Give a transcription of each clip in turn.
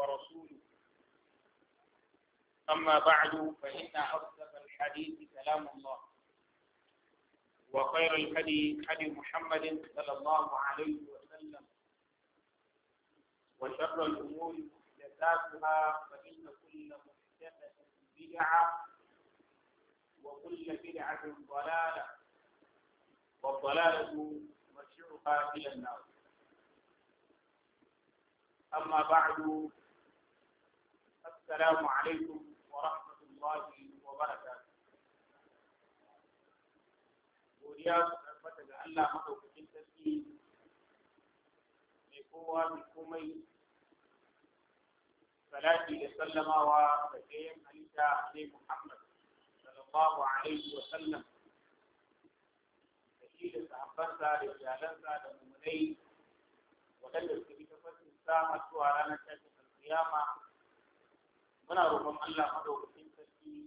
ورسوله أما بعد فإن أصدق الحديث كلام الله وخير الهدي هدي محمد صلى الله عليه وسلم وشر الأمور محدثاتها فإن كل محدثة بدعة وكل بدعة ضلالة والضلالة مرجعها إلى النار أما بعد السلام عليكم ورحمة الله وبركاته. ورياض رحمة الله مدو في جنتي مكوا مكومي صلاة وسلم وسلم صلى الله عليه وسلم سيد الصحابة رجال الصحابة المنين وتلبس بكفة السامة وعلى نشاط القيامة muna roƙon Allah madaukakin sarki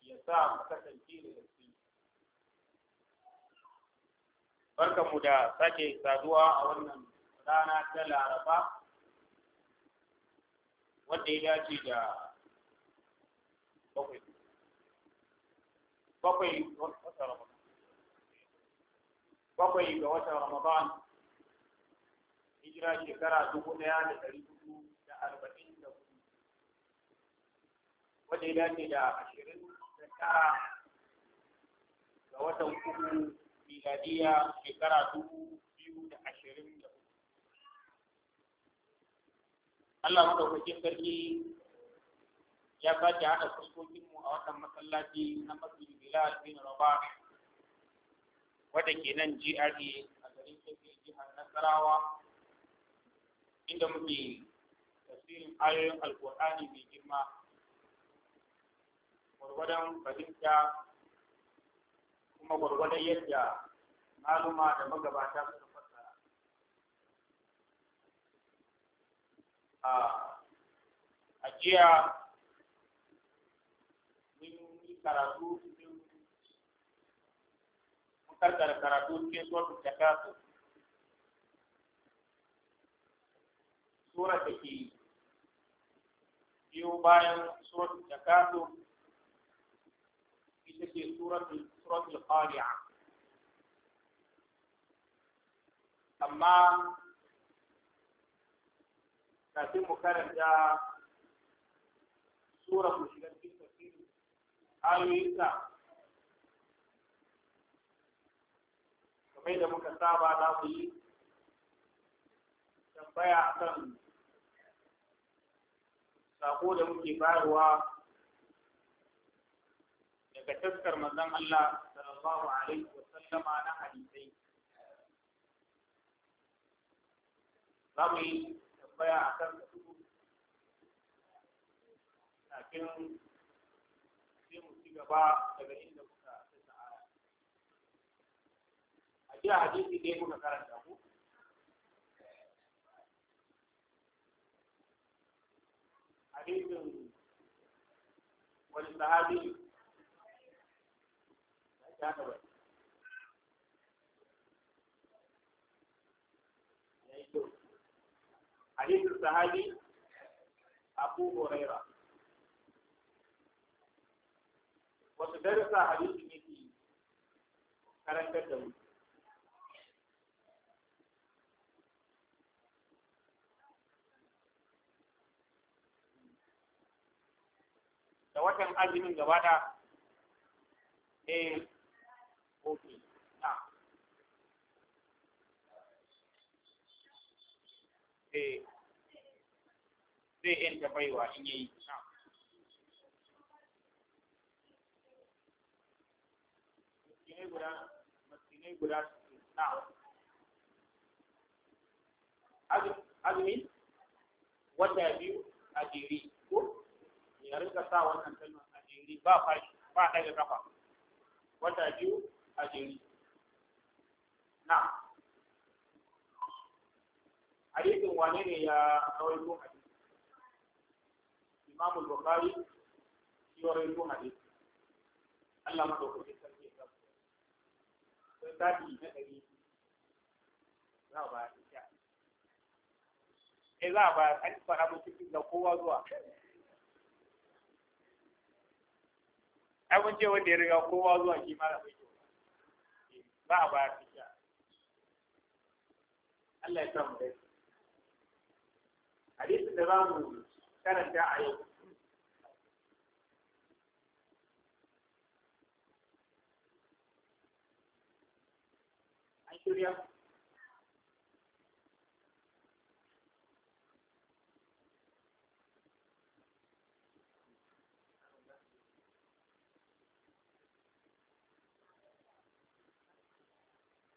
ya sa mu kasance da gaske barkanmu da sake saduwa a wannan rana ta laraba wanda ya dace da bakwai bakwai wata ramadan bakwai ga wata ramadan hijira shekara dubu ɗaya da ɗari hudu da arba'in wanda ya dace da ashirin da tara ga watan uku miladiya shekara dubu biyu da ashirin da uku. Allah madaukakin sarki ya sake haɗa fuskokinmu a watan masallaci na masjid Bilal bin raba ke nan GRA a garin Kebbi jihar Nasarawa inda muke tasirin ayoyin Alƙur'ani mai girma gwargwadon fahimta kuma gwargwadon yadda maluma da magabata suka fasa a ajiya mun yi karatu cikin karkar karatu ke suwar da kasu sura da ke biyo bayan suwar da ita ce suratul qari'a amma kafin mu karanta sura mu shiga cikin tafsiri ayoyinta kamar da muka saba za mu yi tambaya akan sako da muke bayarwa تذكر مزام الله صلى الله عليه وسلم على حديثين ربي تبقي عثر لكن في مستقى بعض تبعين لكم تسعى أجل حديثي ليه نكرت له حديث kyata ba a sahabi abu huraira wasu darasa hadithu ne ke karantar da mu da watan azumin gaba da eh 14. Ah. Eh. Now, the yanta baiwa in yayi. Now, ah. maskinai guda, maskinai guda Now, what ah. wata you? a jiri ko ya rika sa wannan kalmar a jiri ba fashi ba daga kafa a jeri na hadisin wane ne ya kawai hadisi imam Imamu bukhari shi rawaito hadisi Allah madaukakin sarki ya rabu sai tabi na dari za a bayar da eh za a bayar an fara mu cikin da kowa zuwa ai mun ce wanda ya riga kowa zuwa shi mara bai ba ba ta sha Allah ya samu dai hadisin da za mu karanta a yau an shirya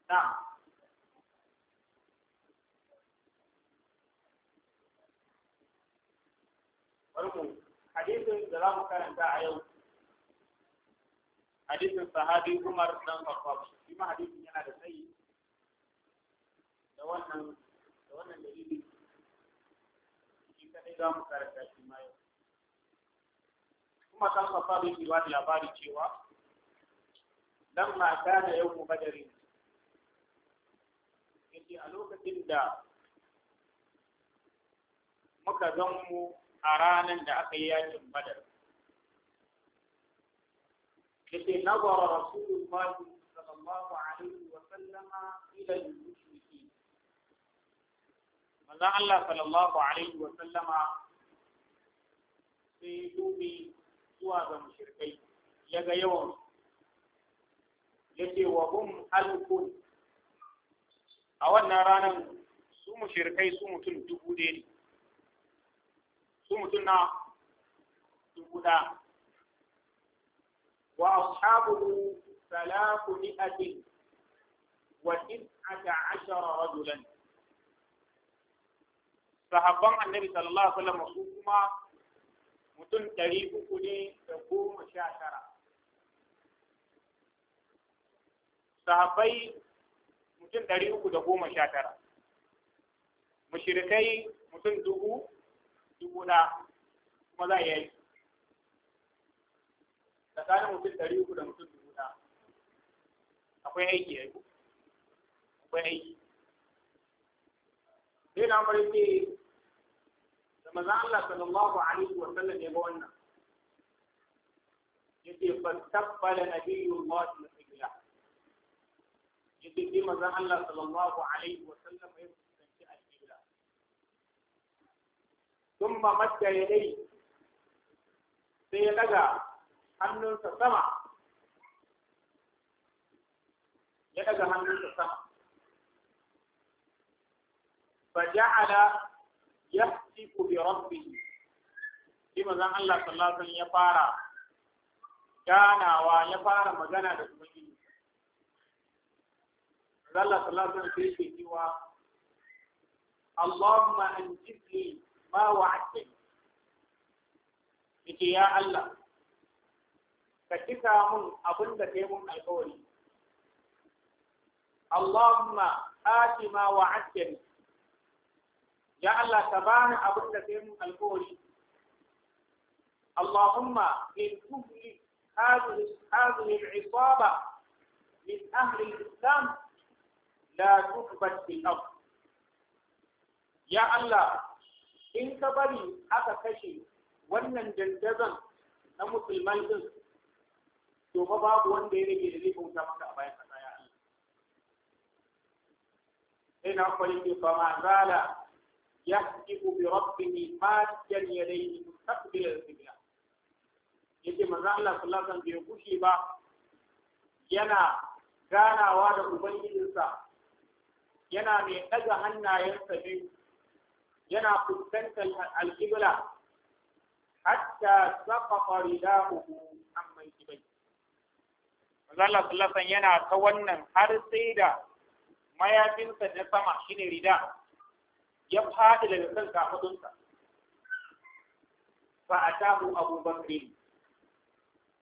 نعم da za mu karanta a yau. hadisin sahabi Umar dan Khattab shi ma yana da tsayi da wannan da wannan dalili shi kadai za mu karanta shi ma yau kuma dan Khattab shi ba labari cewa da yau yawmu badrin yake a lokacin da muka zan mu a ranar da aka yi yakin badar yake nazara rasulullahi sallallahu alaihi wa sallama ila al-mushriki Maza Allah sallallahu alaihi wa sallama sai dubi zuwa ga ya yaga yawan yake wa hum alkun a wannan ranar su mushrikai su mutum dubu ɗaya ne su mutum na dubu ɗaya wa ashabu salatu mi'atin wa tis'ata ashara rajulan sahabban annabi sallallahu alaihi wasallam su kuma mutum ɗari uku ne da goma sha tara sahabbai mutum ɗari uku da goma sha tara mushirikai mutum dubu dubu ɗaya kuma za a yi tsakanin mutum ɗari uku da mutum dubu ɗaya akwai aiki ya yi akwai aiki sai na farko da maza Allah sallallahu alaihi wa sallam ya ga wannan yake fastabbala nabiyyu Allah yadda dai manzon Allah sallallahu alaihi wa sallam ya fuskanci al-qibla sai ya daga hannunsa sama ya daga hannunsa sama ya fara ganawa ya fara magana da gini. Allah sallallahu alaihi wasallam yake cewa Allahumma anjibni ma wa'adtani yake ya Allah ka cika mun abin da mun alkawari Allahumma ati ma wa'adtani ya Allah ka bani abin da kai mun alkawari Allahumma in tuhli islam la tukbat fil ard ya Allah in ka bari aka kashe wannan dandazon na musulman din to ba babu wanda ya rage da zai bauta maka a bayan kasa ya Allah sai na kwari ke fa ma zala yahdiku bi rabbihi madjan yadayhi mustaqbil al-qibla yake manzo Allah sallallahu alaihi wasallam bai kushe ba yana ganawa da ubangijinsa yana mai ɗaga hannayensa biyu yana fuskantar alƙibla hatta saqafa ridahu an mai manzo Allah sallallahu yana ta wannan har sai da mayafinsa na sama shine rida ya faɗi daga kan kafadunsa fa atahu Abu Bakr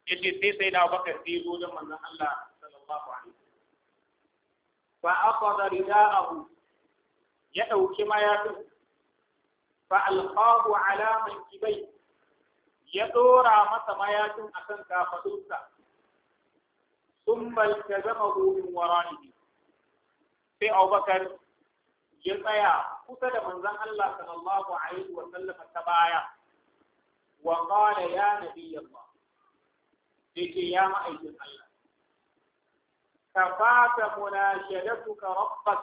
yace sai sai na Bakar sai zo da manzon Allah sallallahu alaihi fa akhadha rida'ahu ya ɗauki mayafin fa alqahu ala kibai. ya ɗora masa mayafin akan kafadunsa thumma iltazamahu min waranihi sai Abubakar ya tsaya kusa da manzon Allah sallallahu alaihi wa sallam ta baya wa qala ya nabiy Allah sai ya ma'aikin Allah tafata munashadatuka rabbak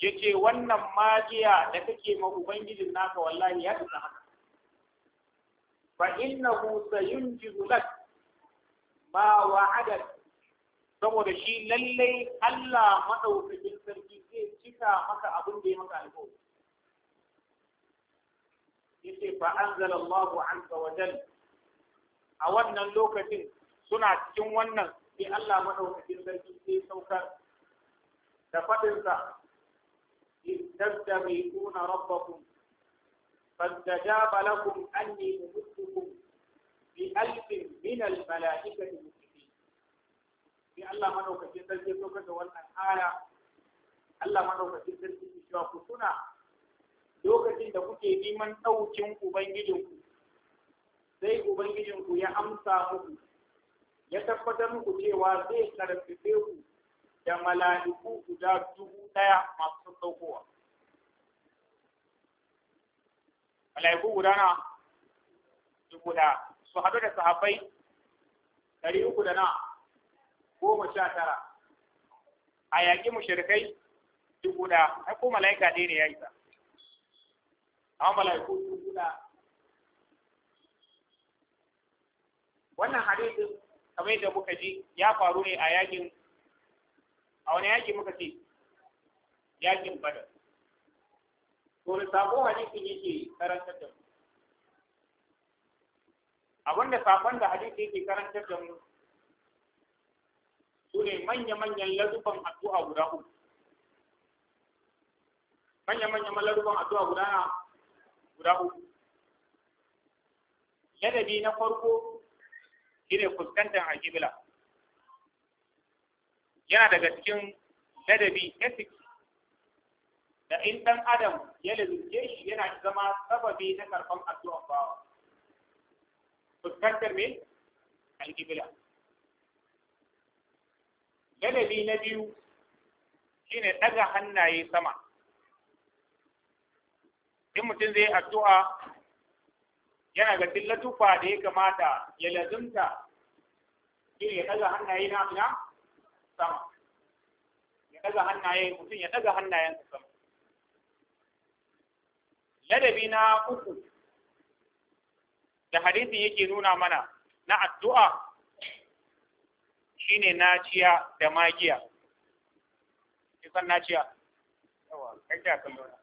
yace wannan majiya da kake ma ubangijin naka wallahi ya tsara haka fa innahu sayunjizu lak ma wa'ada saboda shi lallai Allah madaukakin sarki zai cika maka abin da ya maka alƙawari yace fa anzala Allahu anka wajal a wannan lokacin suna cikin wannan shi Allah maɗaukakin sarki sai saukar da faɗinsa Istaddami kuna rabbakum fadda jaba lakum anni mumuttukum bi alfin min almala'ika da mutufi bi Allah maɗaukakin sarki saukar da wannan aya Allah maɗaukakin sarki ki shiwa ku suna lokacin da kuke neman ɗaukin ubangijinku sai ubangijinku ya amsa muku ya tabbatar muku cewa zai karfi ku da mala'iku guda dubu ɗaya masu saukowa. Mala'iku guda na dubu ɗaya su haɗu da sahabbai ɗari uku da na goma sha tara a yaƙi mushrikai dubu ɗaya ai ko mala'ika ɗaya ne ya isa amma mala'iku dubu ɗaya wannan hadisin kamar yadda muka ji ya faru ne a yakin a wani yaki muka ce yakin badar to da sabo hadisin yake karantar da mu da sakon da hadisi yake karantar da mu su ne manya-manyan lazufan addu'a guda uku manya-manyan lazufan addu'a guda guda uku ladabi na farko shine fuskantar a kibla yana daga cikin ladabi ethics da in dan adam ya lalunce shi yana zama sababi na karfan addu'a bawa fuskantar me alƙibla ladabi na biyu shine daga hannaye sama in mutum zai addu'a yana ga tillatufa da ya kamata ya lazumta shine ya daga hannaye na ina sama ya daga hannaye mutum ya daga hannayen sama ladabi na uku da hadisi yake nuna mana na addu'a shine naciya da magiya kisan naciya yawa kai ta kallona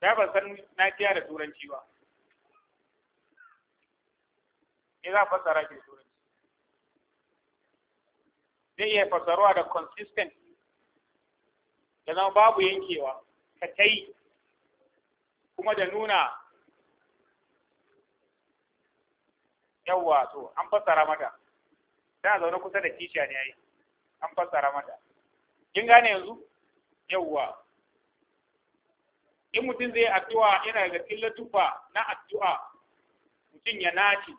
da ban san naciya da turanci ba me za fassara ki turanci zai iya fassaruwa da consistent da zama babu yankewa ka ta yi kuma da nuna yawwa to an fassara mata da zaune kusa da kishiya ne yayi an fassara mata kin gane yanzu yawwa in mutum zai addu'a yana daga tilla tufa na addu'a mutum ya naci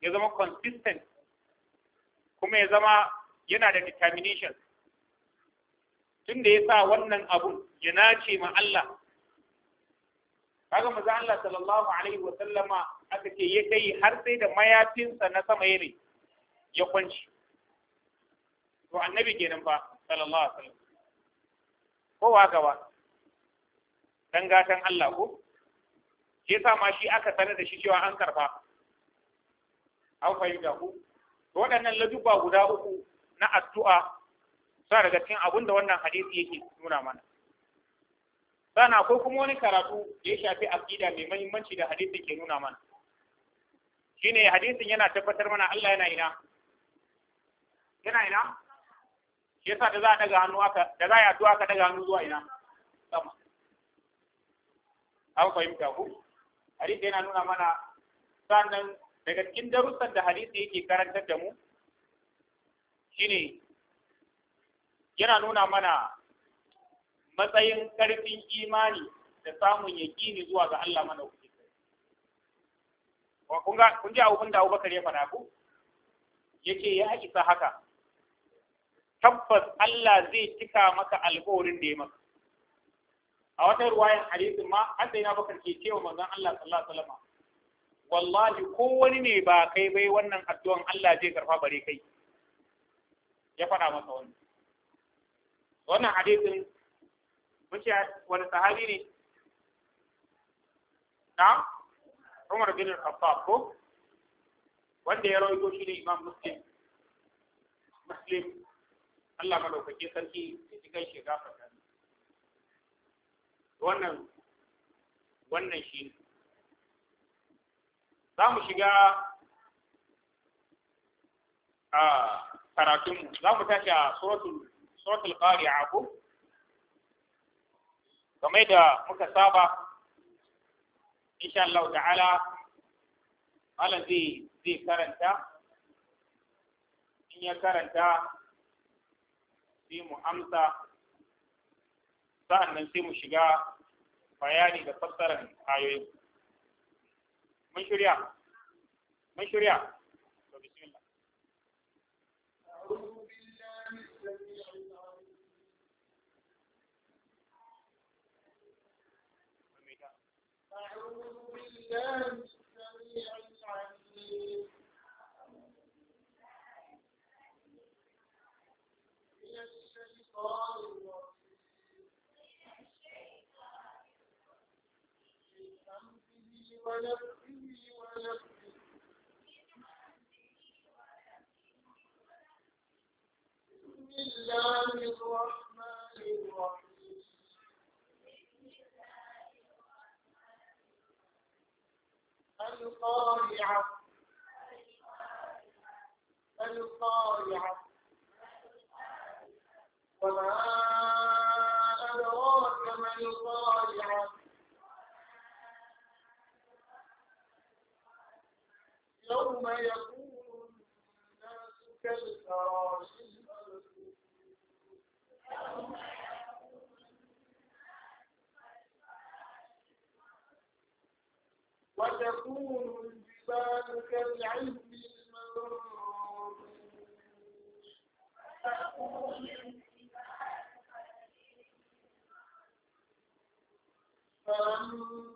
ya zama consistent kuma ya zama yana da determination tun da ya sa wannan abun ya nace ma Allah kaga maza Allah sallallahu alaihi wa sallama aka ce ya kai har sai da mayafinsa na sama yare ya kwanci to annabi kenan ba, sallallahu alaihi wa sallam kowa gaba dan gatan Allah ko ke sa ma shi aka sanar da shi cewa an karfa an fahimta ku to waɗannan ladubba guda uku na addu'a suna daga cikin abin da wannan hadisi yake nuna mana sana akwai kuma wani karatu da ya shafi aqida mai muhimmanci da hadisin ke nuna mana shine hadisin yana tabbatar mana Allah yana ina yana ina shi yasa da za a daga hannu aka da za a yi addu'a aka daga hannu zuwa ina sama an fahimta ku hadisi yana nuna mana sannan daga cikin darussan da hadisi yake karantar da mu shine yana nuna mana matsayin ƙarfin imani da samun yakini zuwa ga Allah mana kuke wa kun ga kun ji abun da Abubakar ya faɗa ku yace ya isa haka tabbas Allah zai cika maka alƙawarin da ya maka a wata ruwayan hadisin ma an da yana bakar ke cewa manzon Allah sallallahu alaihi wasallam wallahi ko wani ne ba kai bai wannan addu'an Allah zai karfa bare kai ya faɗa masa wannan wannan hadisin muke wani sahabi ne na Umar bin Khattab ko wanda ya rawaito shi ne Imam Muslim Muslim Allah madaukake sarki ya ji kai shi gafarta wannan wannan shi ne za mu shiga a karatunmu za mu tashi a suratul a abu? game da muka saba insha ta'ala ala zai zai karanta in ya karanta sai mu amsa sa'annan sai mu shiga bayani da fassarar ayoyin mun shirya mun shirya to bismillah أعوذ بالله السميع العليم من الشيطان الرجيم من همزه ونفسه بسم الله الرحمن الرحيم القارعة القارعة وما أدراك ما القارعة يوم يكون الناس كالفراش وتكون الجبال كالعلم المنضود فلما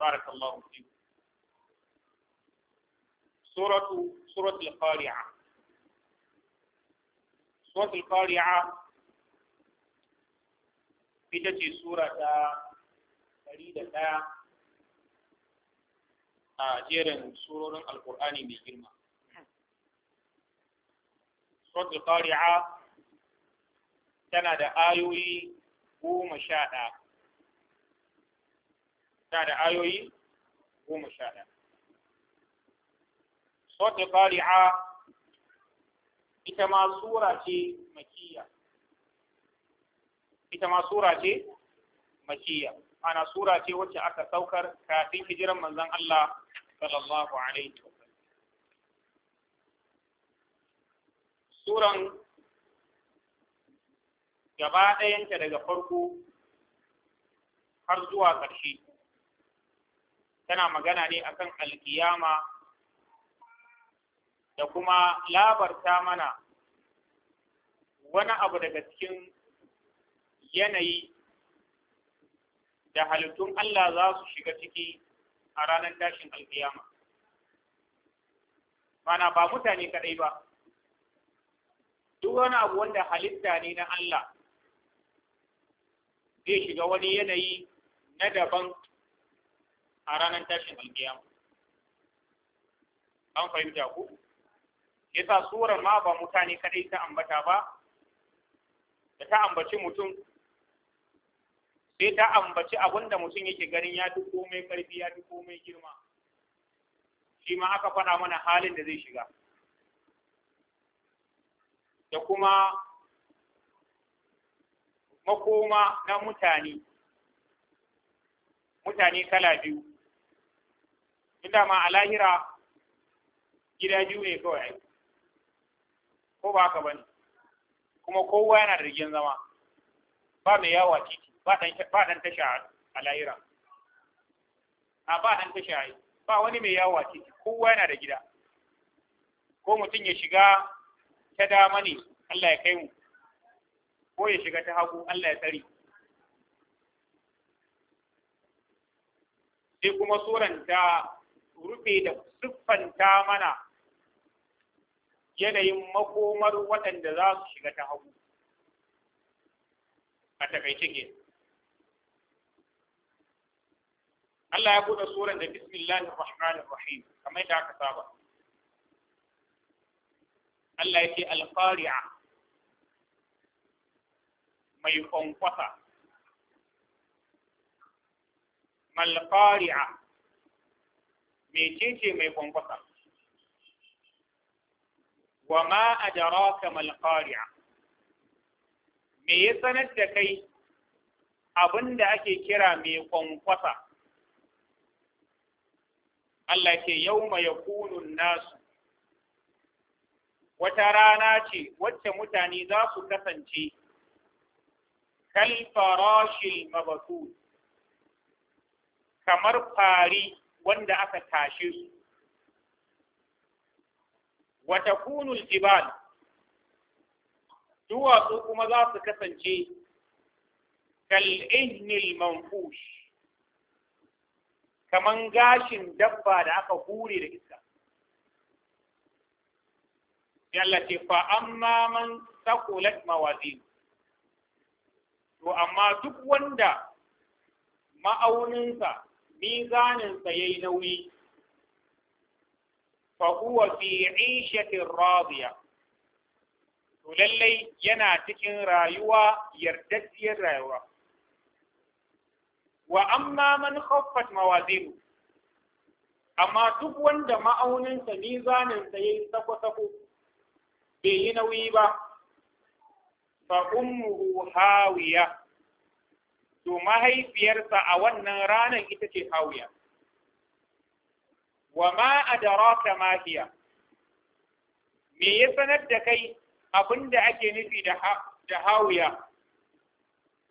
بارك الله فيك سورة سورة القارعة سورة القارعة بتجي سورة فريدة آه، أجير سورة القرآن بجلمة سورة القارعة tana da ayoyi goma sha ɗaya tana da ayoyi goma sha ɗaya sautin fari'a ita ma sura ce makiya ita ma sura ce makiya ana sura ce wacce aka saukar kafin hijiran manzon Allah sallallahu alaihi wasallam suran gaba ɗayanta daga farko har zuwa ƙarshe tana magana ne akan alƙiyama da kuma labarta mana wani abu daga cikin yanayi da halittun Allah za su shiga ciki a ranar tashin alkiyama mana ba mutane kaɗai ba duk wani abu wanda halitta ne na Allah zai shiga wani yanayi na daban a ranar tashin alkiyama an fahimta ku yasa surar ma ba mutane kadai ta ambata ba da ta ambaci mutum sai ta ambaci abinda mutum yake ganin ya fi komai karfi ya fi komai girma shi ma aka faɗa mana halin da zai shiga da kuma makoma na mutane mutane kala biyu inda ma a lahira gida biyu ne kawai ko ba haka bane kuma kowa yana da rigin zama ba mai yawa titi ba dan tasha a lahira a ba dan tasha ba wani mai yawa titi kowa yana da gida ko mutum ya shiga ta dama ne Allah ya kai mu ko ya shiga ta hagu Allah ya tsari sai kuma suran ta rufe da siffanta mana yanayin makomar waɗanda za su shiga ta hagu a takaice ke Allah ya buɗe suran da bismillahir rahmanir rahim kamar da aka saba Allah ya ce alfari'a. mai kwankwasa malqari'a mecece mai kwankwasa wa ma adraka malqari'a me ya sanar da kai abinda ake kira mai kwankwasa Allah ke yauma ya kunun nasu wata rana ce wacce mutane za su kasance kalfarashi mabasu kamar fari wanda aka tashi su wata kunul jibal duwatsu kuma za su kasance kal'ihnil manfush Kamar gashin dabba da aka hure da iska yalla ce fa amma man sakulat mawazin to amma duk wanda ma'auninsa mizaninsa ya yi nauyi fa huwa fi ishatin radiya to lallai yana cikin rayuwa yardaddiyar rayuwa wa amma man khaffat mawazinu amma duk wanda ma'auninsa mizaninsa ya yi sako-sako bai yi nauyi ba fa ummuhu hawiya to mahaifiyarsa a wannan ranar ita ce hawiya wa ma adraka ma hiya me ya sanar da kai abin da ake nufi da da hawiya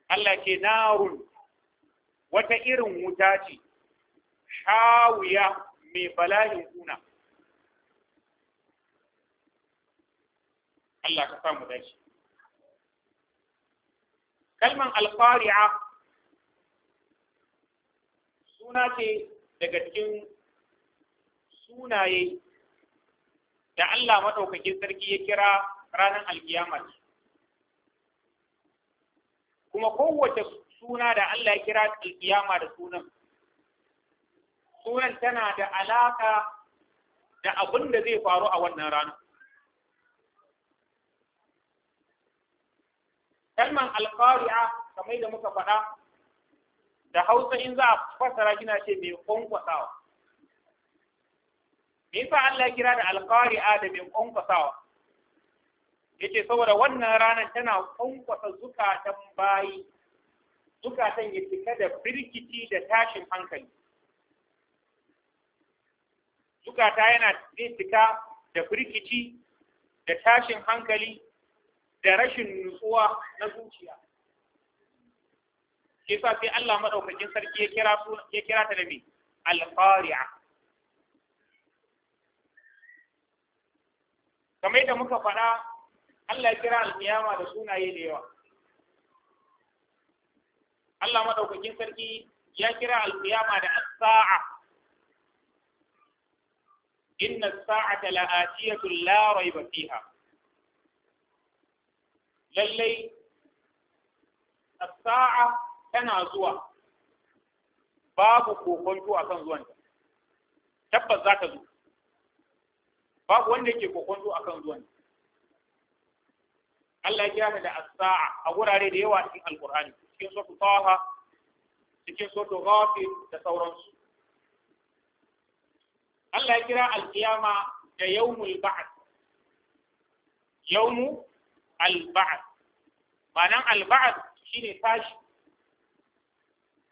Allah ke narun wata irin wuta ce hawiya mai bala'in kuna Allah ka samu dace. kalman alƙari'a suna ce daga cikin sunaye da Allah maɗaukakin sarki ya kira ranar alkiyama kuma kowace suna da Allah ya kira alkiyama da sunan sunan tana da alaƙa da abin da zai faru a wannan ranar kalman alqari'a kamar da muka faɗa da Hausa in za a fasara kina ce mai kwankwasawa me yasa Allah ya kira da alqari'a da mai kwankwasawa yace saboda wannan ranar tana kwankwasa zukatan bayi zukatan ya cika da birkici da tashin hankali zukata yana zai cika da firkici da tashin hankali da rashin nutsuwa na zuciya shi sa sai Allah maɗaukakin sarki ya kira su ya kira ta da me al-qari'a kamar yadda muka faɗa Allah ya kira al-qiyama da sunaye da yawa Allah maɗaukakin sarki ya kira al-qiyama da as-sa'a inna as-sa'ata la'atiyatun la rayba fiha lallai sa'a tana zuwa babu kokonto akan zuwanta tabbas za ta zo babu wanda yake kokonto akan zuwanta Allah ya kira da as-sa'a a wurare da yawa cikin Alkur'ani cikin suratul Taha cikin suratul Ghafir da sauransu Allah ya kira al da yawmul ba'th yawmu alba'ad ma'anan alba'ad ne tashi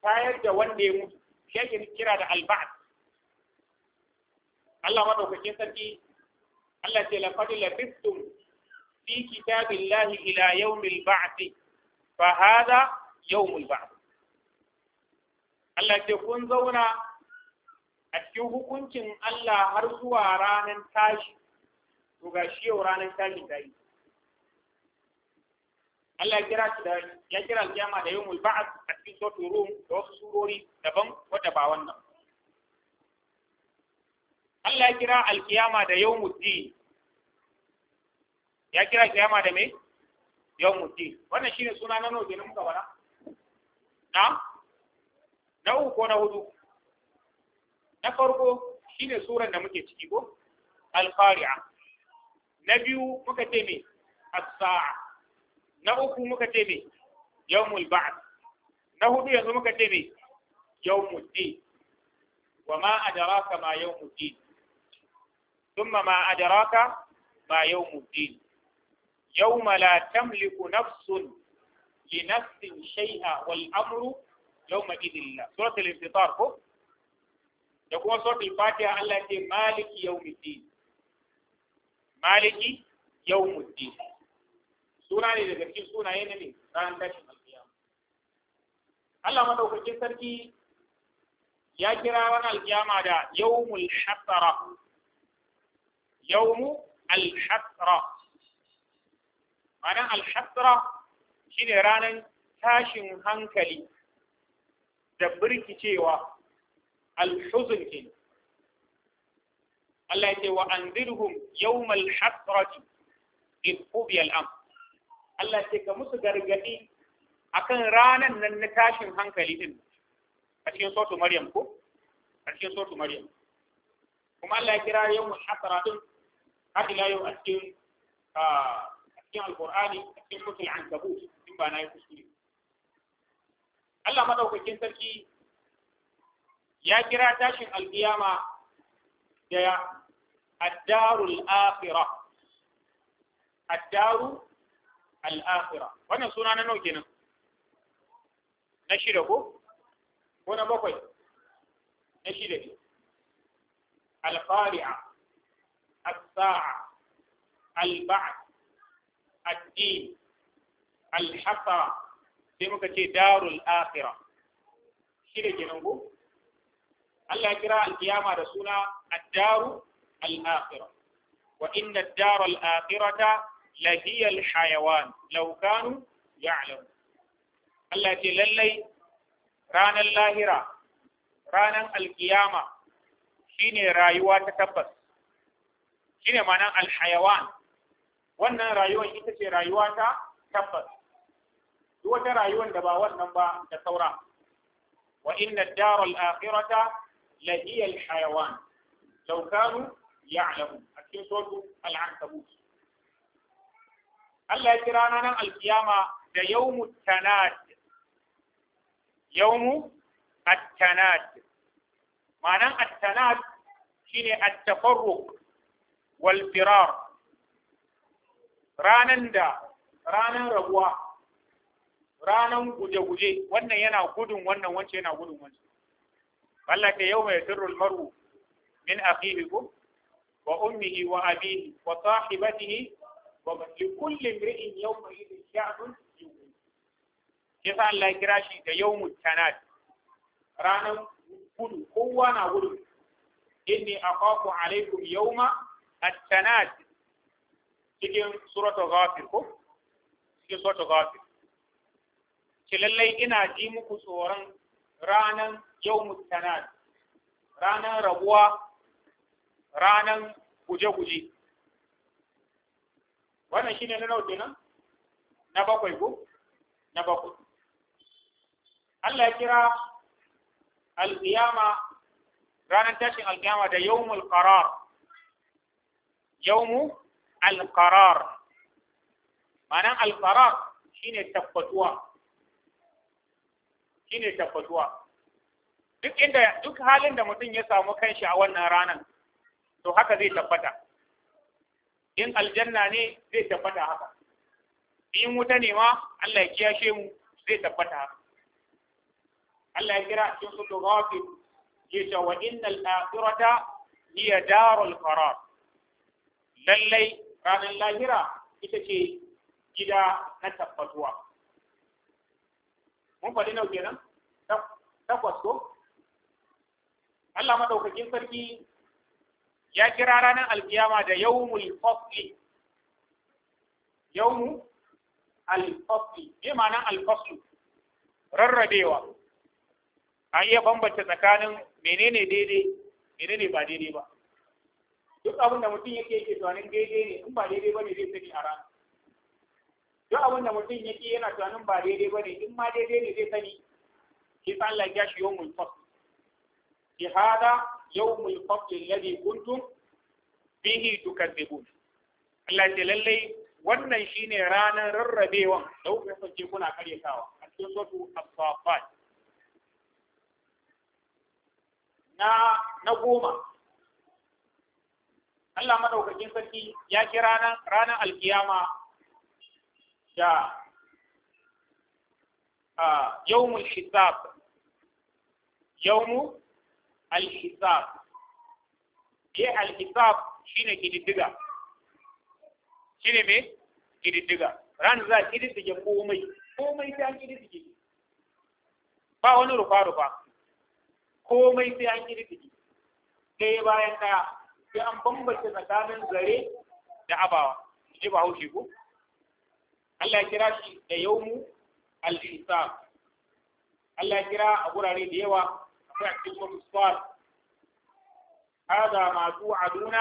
tayar da wanda ya mutu shi ake kira da alba'ad Allah madaukakin sarki Allah ce laqad labistum fi kitabillahi ila yawmil ba'th fa hadha yawmul ba'th Allah ce kun zauna a cikin hukuncin Allah har zuwa ranar tashi to shi yau ranar tashi ta yi Allah ya kira da ya kira alkiyama da yawmul ba'd a cikin suratul rum da wasu surori daban wanda ba wannan Allah ya kira alkiyama da yawmul di. ya kira kiyama da me yawmul di. wannan shine suna na nawa kenan muka bara na na uku ko na hudu na farko shine suran da muke ciki ko al-qari'a na biyu muka ce me as-sa'a na uku muka ce me yawmul ba'd na hudu yanzu muka ce me yawmul din wa ma adraka ma yawmul din thumma ma adraka ma yawmul din yawma la tamliku nafsun li nafsin shay'a wal amru yawma idillah suratul infitar ko da kuma suratul fatiha Allah ya ce maliki yawmid din maliki yawmid din suna ne daga cikin sunaye na ne ranar tashin alkiyama Allah madaukakin sarki ya kira wani alkiyama da yawmul hasara yawmu al-hasara ma'anar al shine ranar tashin hankali da birkicewa al-huzun Allah ya ce wa anzirhum yawmal hasrati in qudiya al-amr Allah ce ka musu gargadi akan ranan nan na tashin hankali din a cikin sautu Maryam ko a cikin sautu Maryam kuma Allah ya kira yau hasara din har ila yau a cikin a cikin alqur'ani a cikin sutul ankabut in ba na yi kuskure Allah madaukakin sarki ya kira tashin alkiyama da addarul akhirah addaru Al'afira wannan suna na nau nan, na shida ko ko na bakwai na shida ne al-qari'a as-sa'a al sai muka ce darul afira. shida ginin ko Allah ya kira al da suna ad al'afira, wa inna ad-dara al لدي الحيوان لو كانوا يعلم التي للي ران الله را ران القيامة شين رايوة تتبس شين معنى الحيوان وانا رايوة شين رايوة تتبس دوة رايوة دباوة نبا تتورا وإن الدار الآخرة لهي الحيوان لو كانوا يعلمون أكيد صوت العنكبوت Allah ya kira nan alkiyama da yawmu tanad yawmu at-tanad ma'anan at-tanad shine at-tafarruq wal firar ranan da ranan rabuwa ranan guje-guje wannan yana gudun wannan wance yana gudun wance Allah ta yau mai sirrul maru min akhihi wa ummihi wa abihi wa sahibatihi yau لكل امرئ يومئذ شعب Ya sa Allah ya kira shi da yawmut tanad ranan gudu kowa na gudu inni akhafu alaikum yawma at-tanad cikin suratul ghafir ko cikin suratul gafi. ce lallai ina ji muku tsoron ranan yawmut tanad ranan rabuwa ranan guje-guje wannan shine na nawa kenan na bakwai ko na bakwai Allah ya kira alƙiyama ranar tashin alƙiyama da yawmul qarar yawmu alqarar ma'anan alqarar shine tabbatuwa shine tabbatuwa duk inda duk halin da mutum ya samu kanshi a wannan ranar to haka zai tabbata in aljanna ne zai tabbata haka in wuta ne ma Allah ya kiyashe mu zai tabbata haka Allah ya kira cikin sulu ghafir Ke ce wa innal akhirata hiya darul qarar lallai ranar lahira ita ce gida na tabbatuwa mun faɗi nau kenan takwas ko Allah madaukakin sarki ya kira ranar alkiyama da yawmul fasli yawmu al-fasli me ma'anar al rarrabewa a iya bambanta tsakanin menene daidai menene ba daidai ba duk abin da mutum yake yake tunanin daidai ne in ba daidai ba ne zai sani a rana duk abin da mutum yake yana tunanin ba daidai ba ne in ma daidai ne zai sani shi sa Allah ya shi yawmul fasl Ki hada yawmul fadl alladhi kuntum bihi tukadzibun Allah ce lallai wannan shine ranar rarrabewan da kuka kasance kuna karyatawa a cikin suratul as-safat na na goma Allah madaukakin sarki ya ki ranar ranar alkiyama da yawmul hisab yawmu al-hisab eh al-hisab shine kididiga shine me kididiga ran za kididdige komai komai ta kididdige ba wani rufa rufa komai sai an kididdige ɗaya bayan ɗaya sai an bambance tsakanin zare da abawa ji ba haushi ko Allah ya kira shi da yawmu al-hisab Allah ya kira a gurare da yawa ويحفظكم الصالح هذا ما توعدون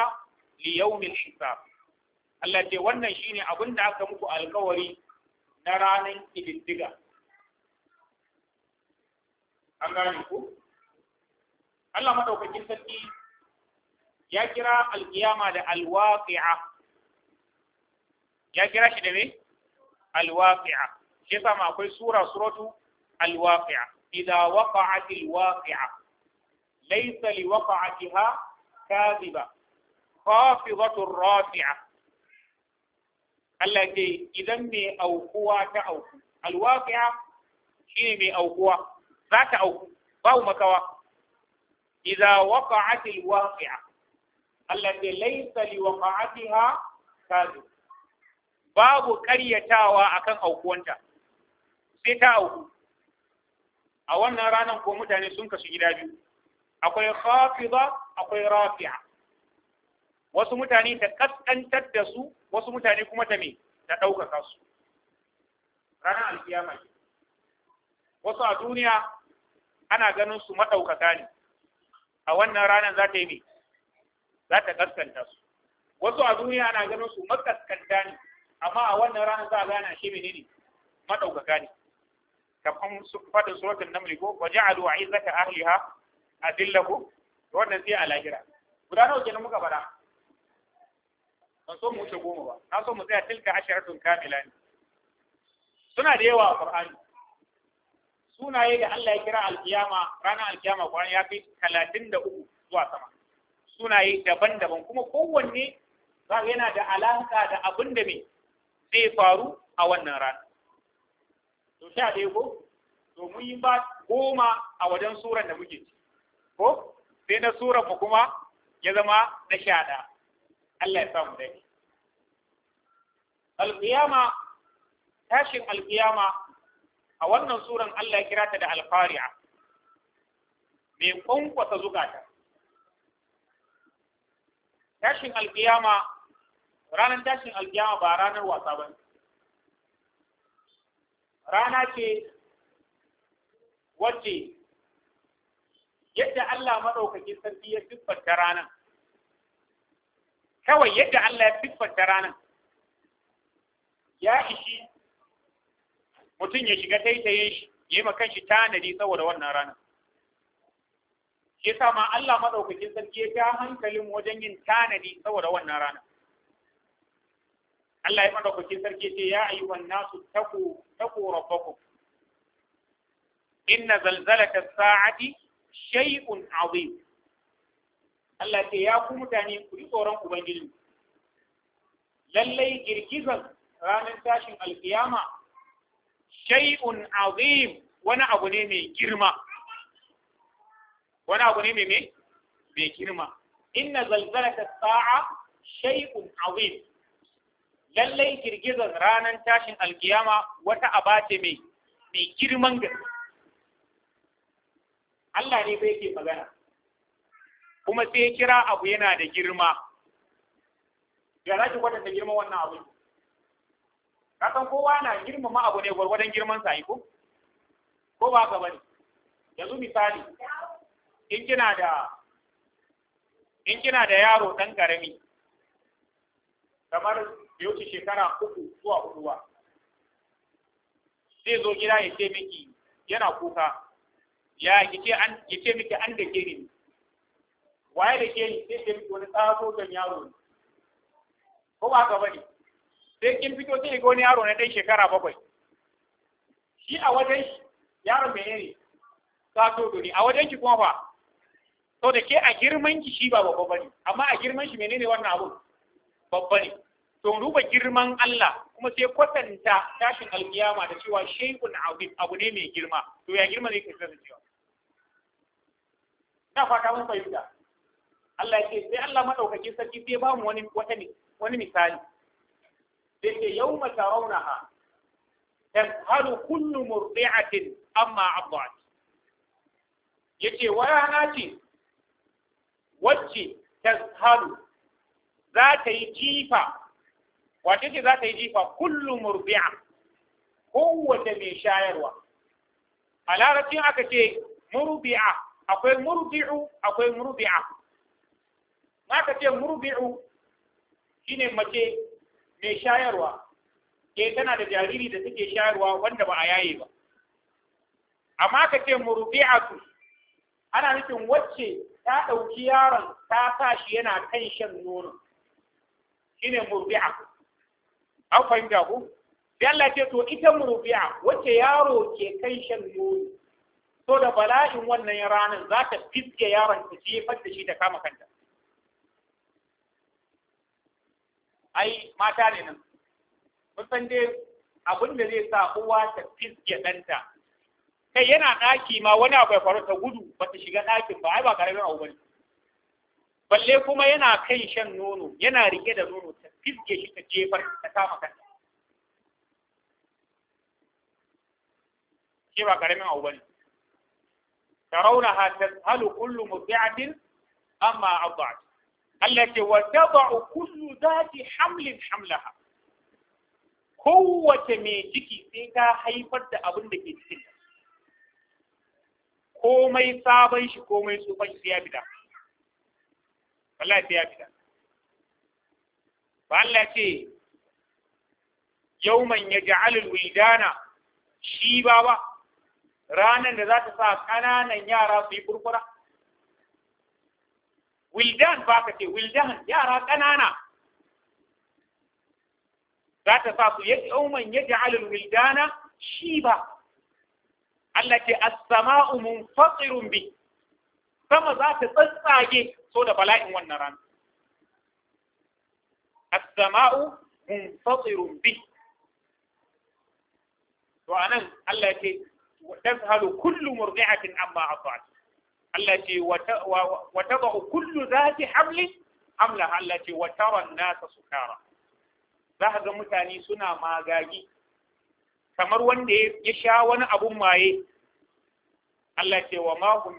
ليوم الحساب Allah ce wannan shine abin da aka muku alkawari na ranar ƙididdiga. An gane ku? Allah madaukakin sarki ya kira alkiyama da alwaqi'a Ya kira shi da me? alwaqi'a Shi yasa ma akwai sura suratu alwaqi'a Iza wafa asiri wafi a. Lai sa li wafa asiri a kadiba. Kofi batun a. Kalla idan me aukuwa ta hau. Hali wafi a. Shin me aukuwa? Za ta au. Babu makawa. Iza wafa asiri wafi a. Kalla je lai sali wafa asiri Babu karya akan aukuwanta. Sai ta auku. a wannan ranar ko mutane sun kasu gida biyu akwai khafida akwai rafi'a wasu mutane ta kaskantar da su wasu mutane kuma ta me ta ɗaukaka su ranar alkiyama ce. wasu a duniya ana ganin su maɗaukaka ne a wannan ranar za ta yi me za ta kaskanta su wasu a duniya ana ganin su makaskanta ne amma a wannan ranar za a gana shi menene maɗaukaka ne kafin fadin suratul namli ko wa ja'alu izzata ahliha adillahu wannan sai a lahira guda nawa kenan muka faɗa ban so mu wuce goma ba na so mu tsaya tilka asharatun kamilan suna da yawa a qur'ani sunaye da Allah ya kira alkiyama ranar alkiyama kwan ya fi talatin da uku zuwa sama sunaye daban-daban kuma kowanne za yana da alaƙa da abin da me zai faru a wannan rana to sha ɗaya ko to mun yi ba goma a wajen suran da muke ci ko sai na suran mu kuma ya zama na sha Allah ya samu dai alƙiyama tashin alƙiyama a wannan suran Allah ya kira ta da alfariya. mai kwankwasa zukata tashin alƙiyama ranar tashin alƙiyama ba ranar wasa ba rana ce wacce yadda Allah maɗaukakin sarki ya siffanta ranar kawai yadda Allah ya siffanta ranar ya ishi mutum ya shiga taitaye shi ya yi makanshi tanadi saboda wannan ranar shi yasa ma Allah maɗaukakin sarki ya ta hankalin wajen yin tanadi saboda wannan ranar Allah ya madaukakin sarki ce ya ayyuhan nasu taku taku rabbakum inna zalzalata sa'ati shay'un azim Allah ce ya ku mutane ku ji tsoron ubangiji lallai girgizan ranar tashin alkiyama shay'un azim wani abu ne mai girma wani abu ne mai mai girma inna zalzalata sa'a shay'un azim lallai girgizar ranar tashin alkiyama wata aba ce mai mai girman gaske Allah ne ba ke magana kuma sai kira abu yana da girma ya za ki kwatanta girman wannan abu kasan kowa na girmama abu ne gwargwadon girman sa ko ko ba ka bane yanzu misali in kina da in kina da yaro dan karami kamar da shekara uku zuwa huduwa ba zai zo gida ya ce miki yana kuka ya ce ya ce miki an da ke ni waye da ke sai ce miki wani tsaso don yaro ne ko ba ka bane sai kin fito sai ga wani yaro na ɗan shekara bakwai shi a wajen shi yaron mene ne tsaso doni a wajen ki kuma fa to da ke a girman shi ba babba bane amma a girman shi menene wannan abun babba ne to duba girman Allah kuma sai kwatanta tashin alkiyama da cewa shay'un azim abu ne mai girma to ya girma ne ke kasancewa na fata mun fahimta Allah ya ce sai Allah madaukakin sarki sai ba mu wani wani misali sai ce yawma tarawnaha tazharu kullu murdi'atin amma abdat yace wa rana ce wacce tazharu za ta yi jifa wace ce za ta yi jifa kullum murbi'a kowace mai shayarwa a larabcin aka ce murbi'a akwai murbi'u akwai murbi'a ka ce murbi'u shine mace mai shayarwa ke eh, tana da jariri da suke shayarwa wanda ba a yaye ba amma ka ce su ana nufin wacce ta ɗauki yaron ta sa yana kan shan nono shine murbi'a an fahimta ku sai Allah ce to ita murbi'a wacce yaro ke kai shan nono to da bala'in wannan ranar za ta fiske yaron ta jefar da shi ta kama kanta ai mata ne nan mun san dai abin da zai sa uwa ta fiske ɗanta kai yana ɗaki ma wani abu ya faru ta gudu ba ta shiga ɗakin ba ai ba ƙaramin abu bane balle kuma yana kan shan nono yana rike da nono fiske shi ta jefar ta kama kanta shi ba karamin abu bane tarawnaha tazhalu kullu murdi'atin amma arda'at Allah ce wa tad'u kullu dhati hamlin hamlaha kowace mai ciki sai ta haifar da abin da ke cikin komai sabon shi komai tsufan shi ya fita wallahi ya fita Allah ce yawman yaj'alul wildana shi ba ba ranar da za ta sa ƙananan yara su yi furfura wildan ba ka ce wildan yara ƙanana za ta sa su yawman yaj'alul wildana shi ba Allah ce as-sama'u munfatirun bi sama za ta tsatsage so da bala'in wannan rana as-sama'u munfatirun bi to anan Allah ya ce tazhalu kullu murdi'atin amma ata'at Allah ce wa tada'u kullu zati hamlin hamla Allah ce wa tara nasa za ga mutane suna magagi kamar wanda ya sha wani abun maye Allah ce wa ma hum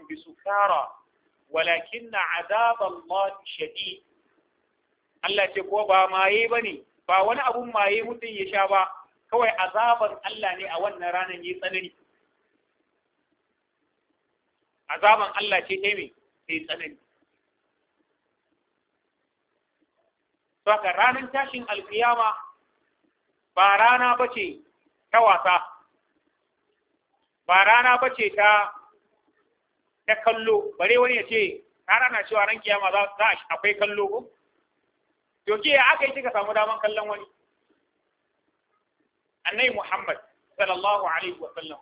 Walakin na azab Allah shadid Allah ce ko ba maye ba ne ba wani abun maye mutum ya sha ba kawai azaban Allah ne a wannan ranar yi tsanani azaban Allah ce ta mai yi tsanani Saka ranar tashin alkiyama ba rana ba ce ta wasa ba rana ba ce ta ta kallo bare wani ya ce rana cewa ran kiyama za a akwai kallo ko to ke aka yi kika samu daman kallon wani annai muhammad sallallahu alaihi wa sallam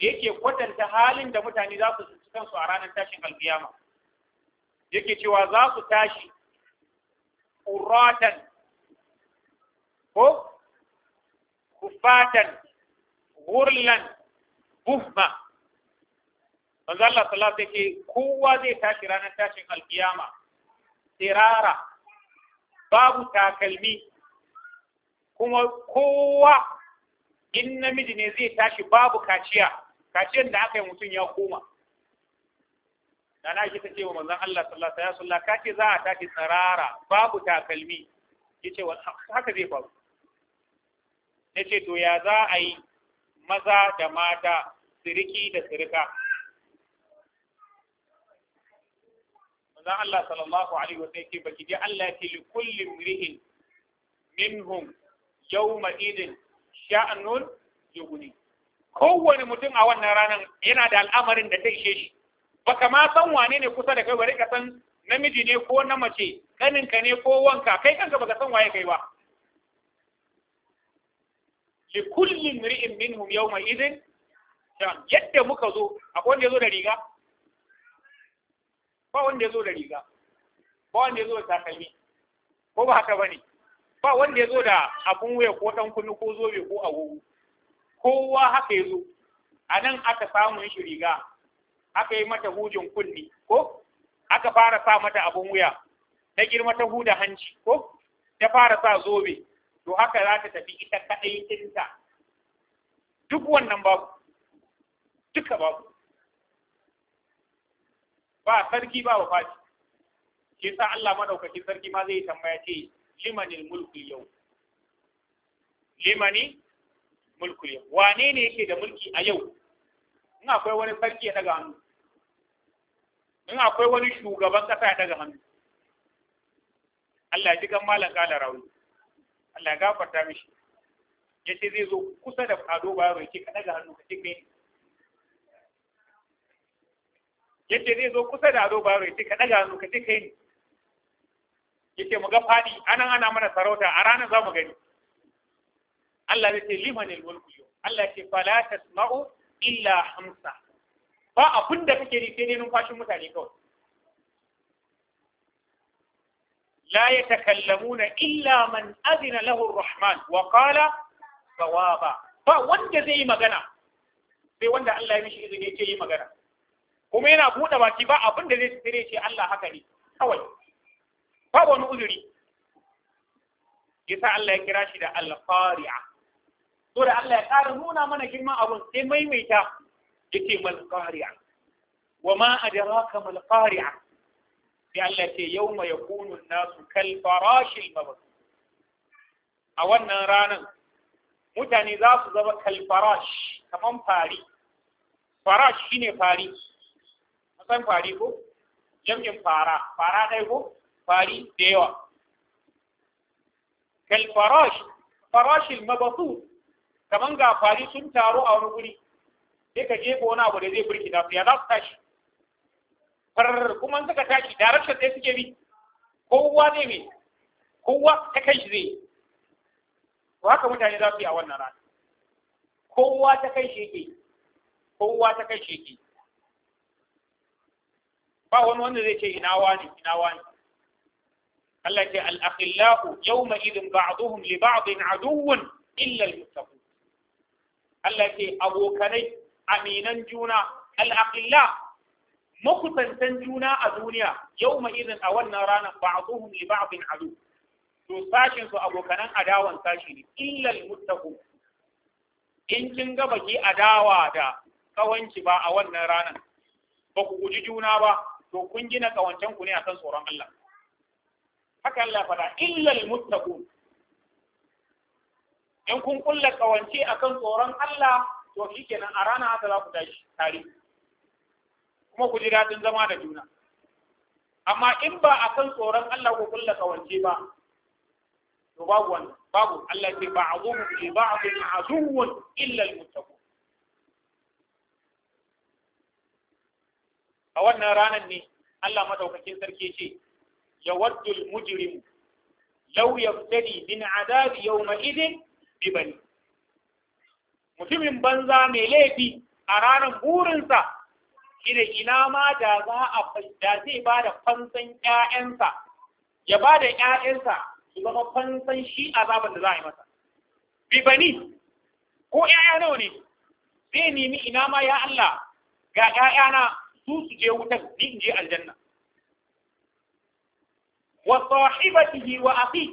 yake kwatanta halin da mutane za su tsinci kansu a ranar tashin alkiyama yake cewa za su tashi uratan ko kufatan gurlan buhma manzo Allah sallallahu alaihi kowa zai tashi ranar tashin alkiyama tirara babu takalmi kuma kowa in namiji ne zai tashi babu kaciya kaciyar da aka yi mutum ya koma da na ta ce wa manzon Allah sallallahu alaihi wasallam ka ce za a tashi tsarara babu takalmi yace wa haka zai faru nace to ya za a yi maza da mata siriki da sirika manzon Allah sallallahu alaihi wa sallam yake baki dai Allah yake li kulli mri'in minhum yawma idin sha'anun yughni kowane mutum a wannan ranar yana da al'amarin da ta ishe shi baka ma san wane ne kusa da kai bari ka san namiji ne ko na mace kaninka ne ko wanka kai kanka baka san waye kai ba li kulli mri'in minhum yawma idin yadda muka zo akwai wanda ya zo da riga ba wanda ya zo da riga ba wanda ya zo da takalmi ko ba haka bane ba wanda ya zo da abun wuya ko dan kunu ko zobe ko agogo kowa haka ya zo a nan aka samu shi riga aka yi mata hujin kunni ko aka fara sa mata abun wuya na girma ta huda hanci ko ta fara sa zobe to haka za ta tafi ita kaɗai tinta duk wannan babu duka babu ba sarki ba wafati shi sa Allah madaukakin sarki ma zai tambaya ce limanil mulku yau limani mulku yau wane ne yake da mulki a yau in akwai wani sarki ya daga hannu in akwai wani shugaban kasa ya daga hannu Allah ya ji kan malam kala rawi Allah ya gafarta mishi yace zai zo kusa da fado ba ya yake ka daga hannu ka ce kai yadda zai zo kusa da ado baro ya ce ka daga hannu ka ce yi ne yace mu ga fadi anan ana mana sarauta a ranar za mu gani Allah zai ce limanil mulku yau Allah ce fa la tasma'u illa hamsa ba abin da kake rike ne numfashin mutane kawai la yatakallamuna illa man adina lahu rahman wa qala sawaba ba wanda zai yi magana sai wanda Allah ya mishi izini yake yi magana kuma yana buɗe baki ba abin da zai tsire ce Allah haka ne kawai ba wani uzuri yasa Allah ya kira shi da al-qari'a to da Allah ya ƙara nuna mana girman abun sai maimaita yake mal qari'a wa ma adraka mal qari'a sai Allah ya ce yawma yakunu an-nasu kal farashil mabth a wannan ranar, mutane za su zama kal farash kaman fari farash shine fari san fari ko jam'in fara fara ɗaya ko fari da yawa kal farash farashil mabasu kaman ga fari sun taru a wani guri sai ka jefa wani abu da zai burki su ya za su tashi far kuma suka tashi direction sai suke bi kowa zai bi kowa ta kai shi zai to haka mutane za su yi a wannan rana kowa ta kai shi yake kowa ta kai shi yake ba wani wanda zai ce ina wani ina wani Allah ce al-akhillahu yawma idin ba'duhum li ba'din aduwwan illa al-muttaqin Allah ce abokanai aminan juna al-akhillah makusantan juna a duniya yawma idin a wannan ranar ba'duhum li ba'din adu to sashin su abokanan adawan sashi ne illa al-muttaqin in kin ga baki adawa da kawanci ba a wannan ranar ba ku guji juna ba to kun gina kawancen ku ne akan tsoron Allah haka Allah fada illal muttaqun in kun kulla kawance akan tsoron Allah to shikenan a rana haka za ku tashi tare kuma ku ji daɗin zama da juna amma in ba akan tsoron Allah ku kulla kawance ba to babu wannan babu Allah ce ba'dhum li ba'dhin aduwwun illa al-muttaqun a wannan ranar ne Allah madaukakin sarki ce yawaddul mujrim law yaftadi min adab yawma idin bi bani mutumin banza mai laifi a ranar burinsa shine ina ma da za a da zai ba da fansan ƴaƴansa ya ba da ƴaƴansa su zama fansan shi azaban da za a yi masa bi bani ko ƴaƴa nawa ne zai nemi ina ma ya Allah ga ƴaƴana su su je wutar ni in je aljanna wa sahibatihi wa akhi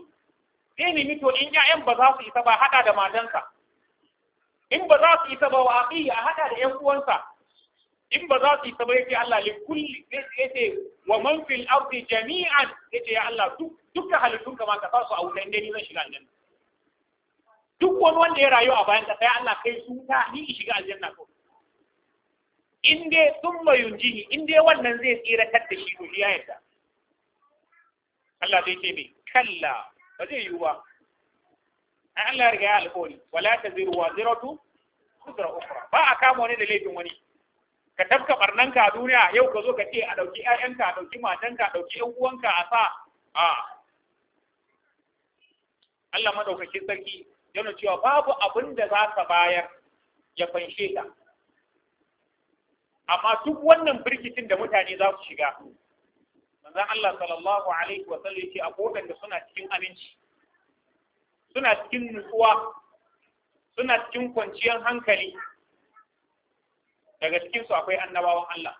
sai nemi to in ƴaƴan ba za su isa ba hada da matansa in ba za su isa ba wa akhi a hada da ƴan uwansa in ba za su isa ba yace Allah li kulli yace wa man fil ardi jami'an yace ya Allah duk dukkan halittun kama ka sa su a wuta inda ni zan shiga aljanna duk wani wanda ya rayu a bayan ka sai Allah kai su ta ni shiga aljanna ko in dai mayun yunjihi in dai wannan zai tsira, da shi to shi ya yadda. Allah zai ce mai kalla ba zai yiwu ba an Allah ya riga ya alƙawari wala ta ziru wa ziratu kusura ukura ba a kama wani da laifin wani ka tafka barnanka a duniya yau ka zo ka ce a ɗauki ƴaƴanka a ɗauki matanka a ɗauki ƴan uwanka a sa a Allah madaukakin sarki yana cewa babu abin da za ka bayar ya fanshe ka amma duk wannan birgitin da mutane za su shiga manzon Allah sallallahu alaihi wa sallam yace a kodan da suna cikin aminci suna cikin nutsuwa suna cikin kwanciyar hankali daga cikin su akwai annabawan Allah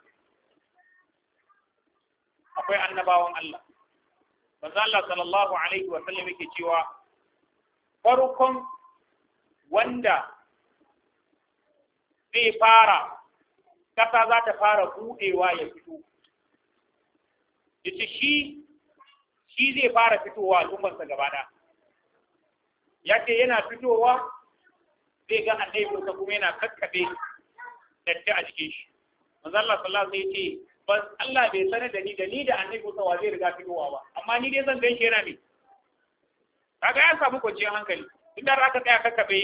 akwai annabawan Allah manzon Allah sallallahu alaihi wa sallam yake cewa farkon wanda zai fara kasa za ta fara buɗewa ya fito yace shi shi zai fara fitowa al'ummarsa gaba ɗaya ya ce yana fitowa zai ga annabi Musa kuma yana kakkabe datti a cikin shi manzo Allah sallallahu alaihi wasallam ce bas Allah bai sanar da ni da ni da annabi Musa wa zai riga fitowa ba amma ni dai zan ganke yana ne kaga ya samu kwanciyar hankali idan aka tsaya kakkabe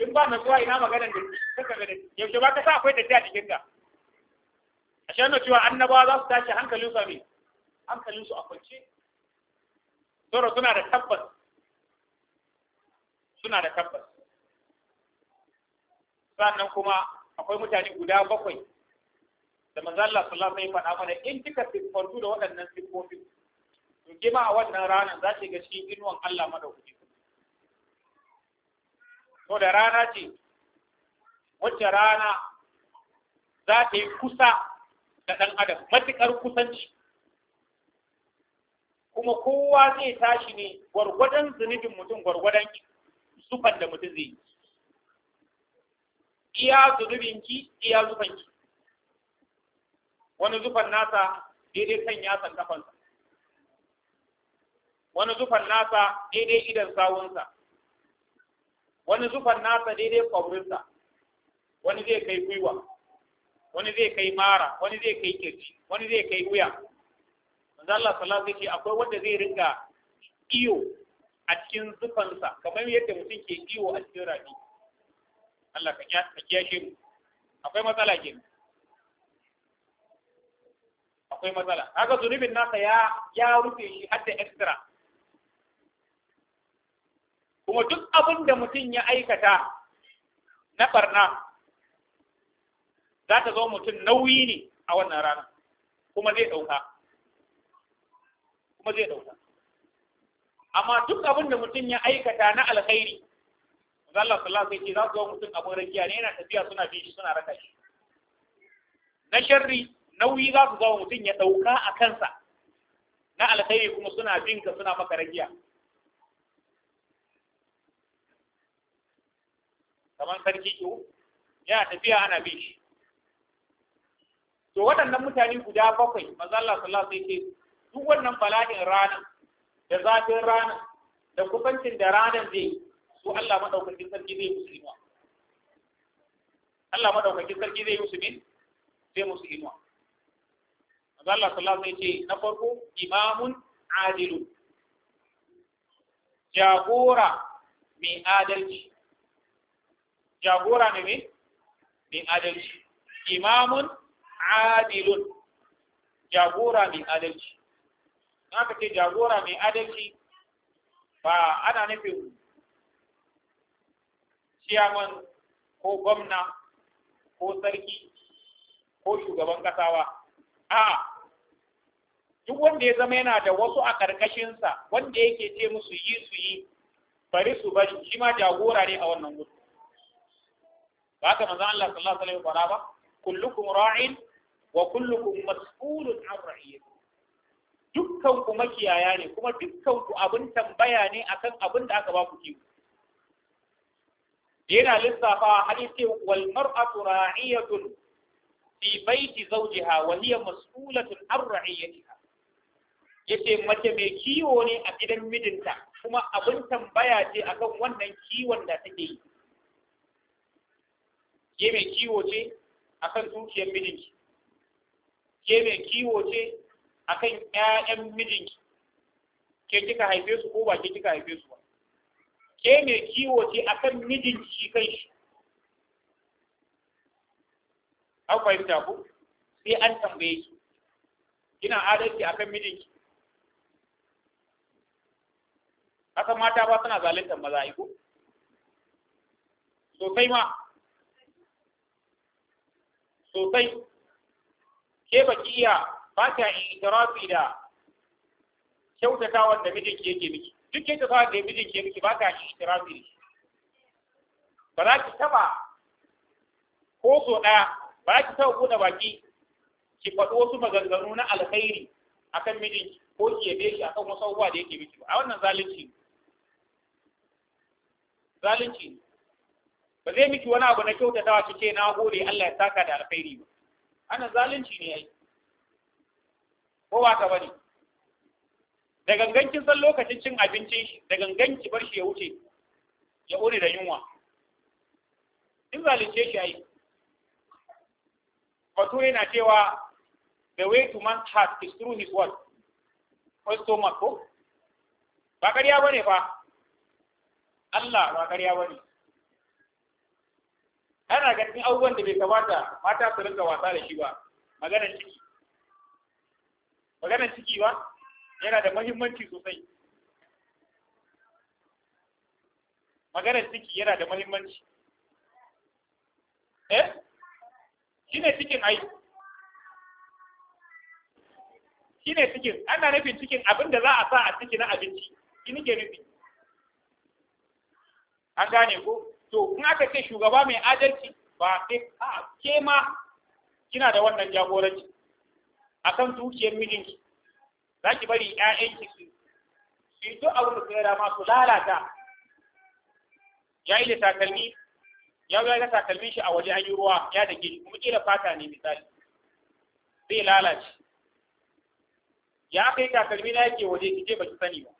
in ba mai kowa ina magana da suka gane yaushe ba ka sa akwai tafiya a cikin ka a shanna cewa annabawa za su tashi hankalin su mai hankalin su a kwance soro suna da tabbas suna da tabbas sannan kuma akwai mutane guda bakwai da mazalla sallallahu alaihi wasallam faɗa mana in kika siffantu da waɗannan siffofin to kima a wannan ranar za ki ga cikin inuwan Allah madaukaki to da rana ce wacce rana za ta yi kusa da ɗan adam matuƙar kusanci kuma kowa zai tashi ne gwargwadon zunubin mutum gwargwadon zufan da mutum zai yi iya zunubin ki, iya zufan ki. wani zufan nasa daidai kan yasan kafansa wani zufan nasa daidai idan sawunsa wani zufar nasa daidai kwabrinsa wani zai kai gwiwa wani zai kai mara wani zai kai kirji wani zai kai wuya manzo Allah sallallahu alaihi akwai wanda zai ringa iyo a cikin zufansa kamar yadda mutum ke iyo a cikin rafi Allah ka kiyaye mu akwai matsala kenan akwai matsala haka zunubin nasa ya ya rufe shi hadda extra kuma duk abin da mutum ya aikata na barna za ta zo mutum nauyi ne a wannan rana kuma zai ɗauka kuma zai ɗauka amma duk abin da mutum ya aikata na alkhairi Allah sallallahu alaihi za su zo mutum abin rakiya ne yana tafiya suna bin shi suna raka shi na sharri nauyi za su zo mutum ya ɗauka a kansa na alkhairi kuma suna bin ka suna maka rakiya kamar sarki ko yana tafiya ana bin shi to waɗannan mutane guda bakwai manzo Allah sallallahu alaihi wasallam duk wannan bala'in ranar da zafin ranar da kufancin da ranar zai su Allah madaukakin sarki zai musu inuwa Allah madaukakin sarki zai musu min zai musu inuwa manzo Allah sallallahu alaihi wasallam ce na farko imamun adilun jagora mai adalci jagora ne mai adalci imamun adilun jagora mai adalci na ka ce jagora mai adalci ba ana nufin ciyaman ko gwamna ko sarki ko shugaban kasawa a duk wanda ya zama yana da wasu a ƙarƙashinsa wanda yake ce musu yi su yi bari su bari shi ma jagora ne a wannan gudu ba haka manzon Allah sallallahu alaihi wasallam ba kullukum ra'in wa kullukum mas'ulun an dukkan ku makiyaya ne kuma dukkan ku abin tambaya ne akan abin da aka ba ku kiwo yana lissafa hadisi wal mar'atu ra'iyatun fi baiti zawjiha wa hiya mas'ulatun an ra'iyyatiha yace mace mai kiwo ne a gidan mijinta kuma abin tambaya ce akan wannan kiwon da take yi ke mai kiwo ce akan dukiyar mijinki ke mai kiwo ce akan ƴaƴan mijinki ke kika haife su ko ba ke kika haife su ba ke mai kiwo ce akan mijinki shi shi. an fahimta ku sai an tambaye ki kina adalci akan mijinki haka mata ba suna zaluntar maza iko sosai ma sosai ke bakiya ba ta itirafi da kyautatawan da mijinki yake miki duk kyautatawan da mijinki yake miki ba ta itirafi da ba za ki taba ko so ɗaya ba za ki taba da baki ki faɗo wasu maganganu na alkhairi akan mijinki ko ki yabe shi akan wasu abubuwa da yake miki ba a wannan zalunci zalunci ba zai miki wani abu na kyautatawa ki ce na hore Allah ya saka da alfairi ba ana zalunci ne ai ko ba ka bane da gangan san lokacin cin abincin shi da gangan ki bar shi ya wuce ya ure da yunwa in zalunce shi ai Bato yana cewa the way to man's heart is through his word ko stomach ko ba ƙarya bane fa Allah ba ƙarya bane ana ga cikin abubuwan da bai kamata mata su rinka wasa da shi ba maganar ciki maganar ciki ba yana da muhimmanci sosai maganar ciki yana da muhimmanci eh shi ne cikin ai ne cikin ana nufin cikin abin da za a sa a ciki na abinci shi nike nufi an gane ko to in aka ce shugaba mai adalci ba a ke ma kina da wannan jagoranci A kan dukiyar mijinki za ki bari 'ya'yanki su su duk a da suka masu lalata ya yi da takalmi ya ga da takalmin shi a waje an yi ruwa ya da gini kuma kila fata ne misali zai lalace ya aka yi takalmi na yake waje je ba ki sani ba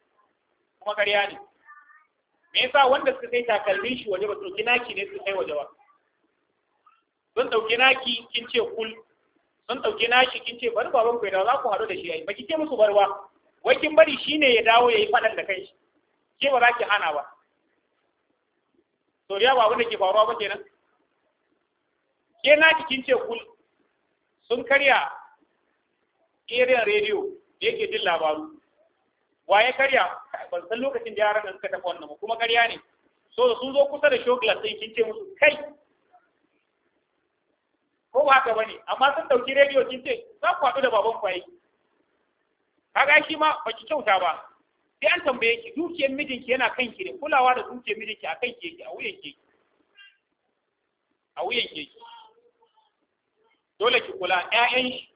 kuma karya ne me yasa wanda suka kai takalmin shi waje ba su naki ne su kai waje ba sun ɗauki naki kin ce kul sun ɗauki naki kin ce bari baban ku ya dawo za ku haɗu da shi yayi ba ki ce musu barwa wai kin bari shine ya dawo yayi faɗan da kai ke ba za ki hana ba to ba abin da ke faruwa ba kenan ke naki kin ce kul sun karya irin rediyo da yake jin labaru wa ya karya ban san lokacin da yaran suka tafi wannan kuma ƙarya ne so sun zo kusa da shogilas sai kin ce musu kai ko ba haka bane amma sun dauki rediyo kin ce za ku haɗu da baban kwaye kaga shi ma baki kyauta ba sai an tambaye ki dukiyar mijinki yana kanki ne kulawa da dukiyar mijinki a ki yake a wuyan ki a wuyan ki dole ki kula ƴaƴan shi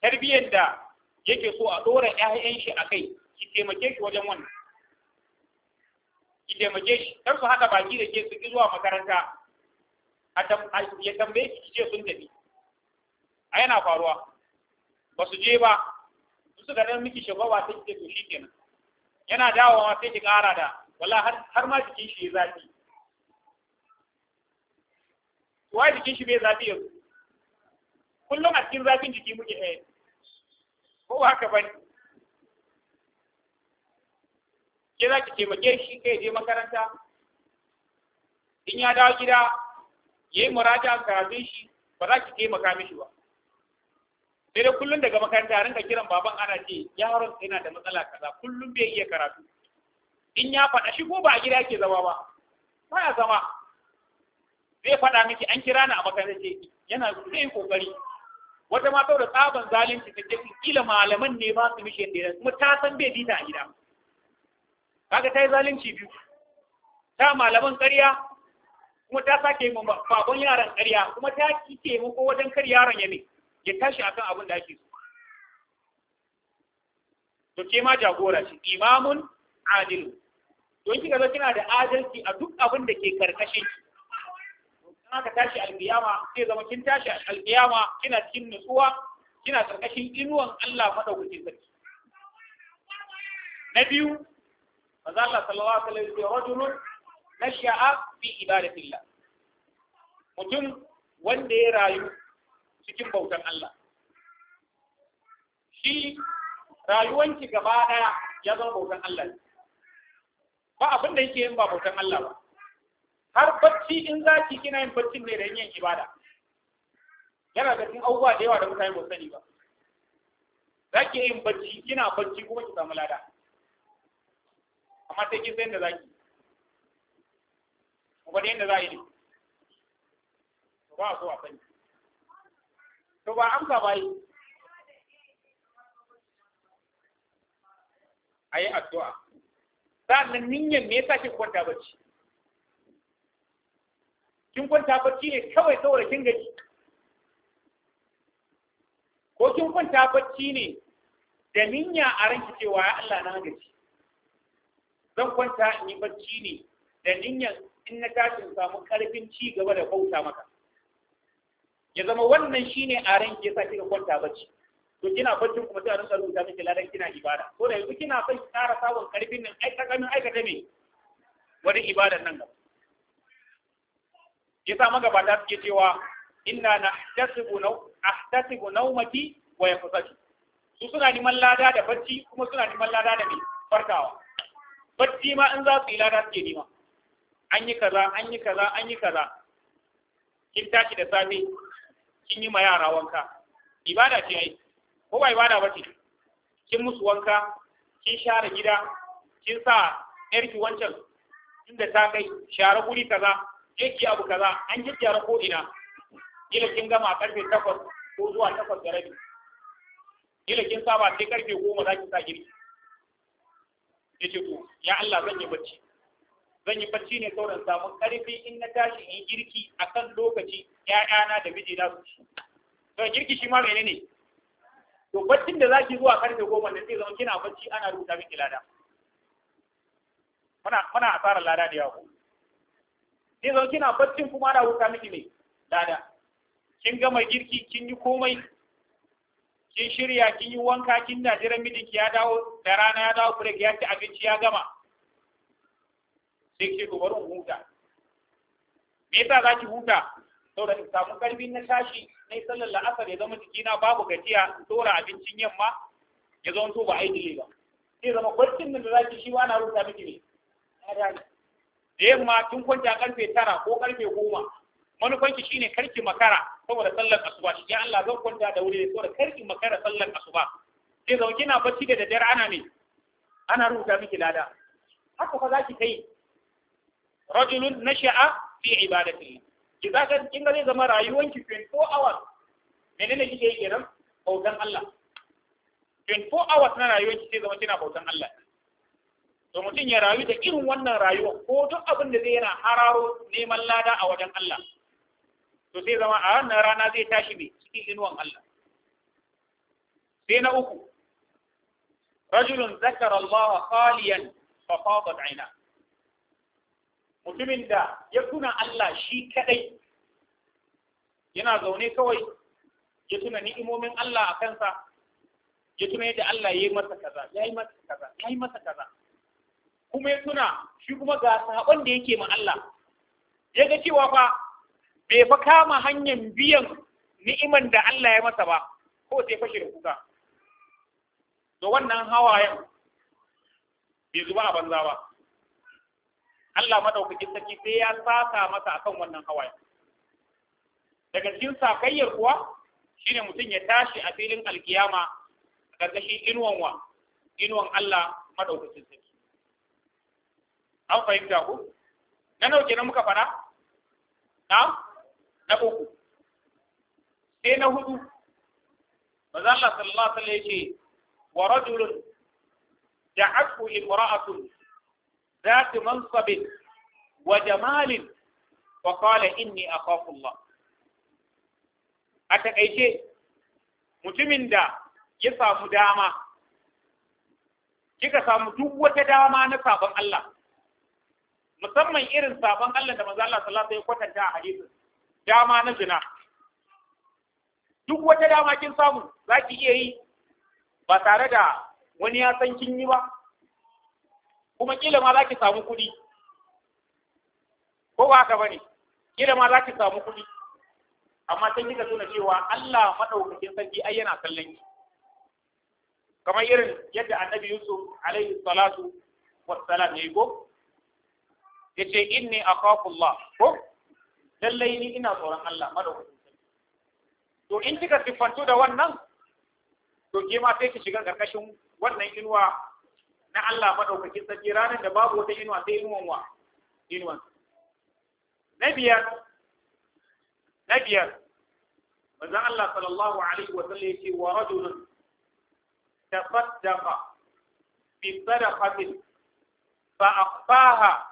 tarbiyyar da yake so a ɗora ƴaƴan shi a kai taimake shi wajen wannan ki taimake shi kar su haka baki da ke su ki zuwa makaranta ya tambaye ki ce sun tafi a yana faruwa ba su je ba su suka dan miki shagwaba ta ki to shi kenan yana dawowa sai ki ƙara da wala har ma jikin shi ya zafi wai jikin shi bai zafi yanzu kullum a cikin zafin jiki muke ɗaya eh. ko haka bane ke za ki taimake shi kai je makaranta in ya dawo gida ya yi muraja karatun shi ba za ki taimaka mishi ba sai dai kullum daga makaranta rinka kiran baban ana ce yaron yana da matsala kaza kullum bai iya karatu in ya faɗa shi ko ba a gida yake zama ba ba ya zama zai faɗa miki an kira ni a makaranta ce yana zai kokari wata ma da tsaban zalunci ta ce kila malaman ne ba su mishi yadda kuma ta san bai dita a gida kaga ta yi zalunci biyu ta malaman ƙarya kuma ta sake mu babban yaran ƙarya kuma ta mu taimako wajen kar yaron ya ne ya tashi akan abin da ake so to ke ma jagora ce imamun adilu don kika ga kina da adalci a duk abin da ke karkashin ki haka tashi alqiyama sai zama kin tashi alqiyama kina cikin nutsuwa kina karkashin inuwan Allah madaukakin sarki na biyu manzo Allah sallallahu alaihi wasallam ya rajulun nasha'a fi ibadatillah mutum wanda ya rayu cikin bautan Allah shi rayuwanki gaba daya ya zama bautan Allah ba abin da yake yin ba bautan Allah ba har bacci in zaki kina yin baccin ne da yin ibada yana da cikin abubuwa da yawa da mutane ba sani ba zaki yin bacci kina bacci kuma ki samu lada amma sai kin san yadda zaki mu gwada yadda za a yi ne to ba a so a sani to ba amsa ba yi a yi addu'a sa'annan niyyar me yasa kin kwanta bacci kin kwanta bacci ne kawai saboda kin gaji ko kin kwanta bacci ne da niyya a ranki cewa ya Allah na gaji zan kwanta in yi bacci ne da niyyar in na tashin samu karfin ci gaba da bauta maka ya zama wannan shine a ran ke sa kika kwanta bacci to kina baccin kuma sai a rinka rubuta miki ladan kina ibada ko da yanzu kina son ƙara sabon karfin nan ai tsakanin aikata me wani ibadan nan gaba yasa magabata suke cewa inna na tasibu nau ahtasibu naumati wa yafsaki su suna neman lada da bacci kuma suna neman lada da me farkawa bacci ma in za su yi lada suke nima an yi kaza an yi kaza an yi kaza kin tashi da safe kin yi ma yara wanka ibada ce ai ko ba ibada ba ce kin musu wanka kin share gida kin sa yarki wancan inda ta kai share guri kaza je ki abu kaza an ji gyara ko ina kila kin gama a karfe takwas ko zuwa takwas da rabi kila kin saba sai karfe goma za ki sa girki ya ce ya Allah zan yi bacci zan yi bacci ne sauran samun ƙarfi in na tashi in girki a kan lokaci ‘ya'yana da mijina su ci. To girki shi ma mene ne? To baccin da za ki zuwa karfe goma da sai zama kina bacci ana rubuta miki lada. Muna muna asarar lada da yawa. Zai zama kina baccin kuma ana rubuta miki ne lada. Kin gama girki kin yi komai kin shirya kin yi wanka kin na jiran mijinki ya dawo da rana ya dawo break ya ci abinci ya gama sai ki ku barun huta me yasa za ki huta saboda in samu karbin na tashi na yi sallar la'asar ya zama jikina babu gajiya in tsora abincin yamma ya zama to ba aiki ba sai zama barcin nan da za ki shi wa na rubuta miki ne da yamma tun kwanta karfe tara ko karfe goma manufanki shine karki makara saboda sallar asuba shi ya Allah zan kwanta da wuri saboda karki makara sallar asuba sai zo kina bacci da daddare ana ne. ana rubuta miki lada haka fa zaki kai rajulun nasha'a fi ibadati ki zaka kinga ga zai zama rayuwanki 24 hours menene kike yi kenan bautan Allah 24 hours na rayuwanki sai zama kina bautan Allah to mutum ya rayu da irin wannan rayuwa ko duk abin da zai yana hararo neman lada a wajen Allah to sai zama a wannan rana zai tashi mai cikin inuwan Allah sai na uku rajulun zakar Allah wa kaliyan fadat aina mutumin da ya tuna Allah shi kadai yana zaune kawai ya tuna ni'imomin Allah a kansa ya tuna yadda Allah ya yi masa kaza ya yi masa kaza ya yi masa kaza kuma ya tuna shi kuma ga saɓon da yake ma Allah ya ga cewa fa bai fa kama hanyar biyan ni'iman da Allah ya masa ba ko sai fashe da kuka to wannan hawayen bai zuba a banza ba Allah madaukakin saki sai ya saka masa akan wannan hawayen daga cikin sakayyar kuwa shine mutum ya tashi a filin alkiyama a ƙarƙashin inuwan wa inuwan Allah madaukakin saki an fahimta ku na nauke na muka fara na na uku sai na hudu manzo Allah sallallahu alaihi wasallam yace wa rajulun da'athu imra'atun ذات منصب وجمال فقال إني أخاف الله أتقيشي mutumin da ya samu dama, kika samu duk wata dama na sabon Allah, musamman irin sabon Allah da maza Allah sallallahu ya kwatanta a hadisin. dama na zina duk wata dama kin samu za ki iya yi ba tare da wani ya san kin yi ba kuma kila ma za ki samu kuɗi ko ba haka bane kila ma za ki samu kuɗi amma sai kika tuna cewa Allah madaukakin sarki ai yana kallon ki kamar irin yadda annabi Yusuf alaihi salatu wassalam yayi ko yace inni akhafu Allah ko lallai ni ina tsoron Allah madaukakin sarki to in kika siffantu da wannan to ke ma sai ki shiga karkashin wannan inuwa na Allah madaukakin sarki ranar da babu wata inuwa sai inuwan wa inuwan na biyar na biyar manzo Allah sallallahu alaihi wa sallam yace wa rajulun tafaddaqa bi sadaqatin fa akhfaha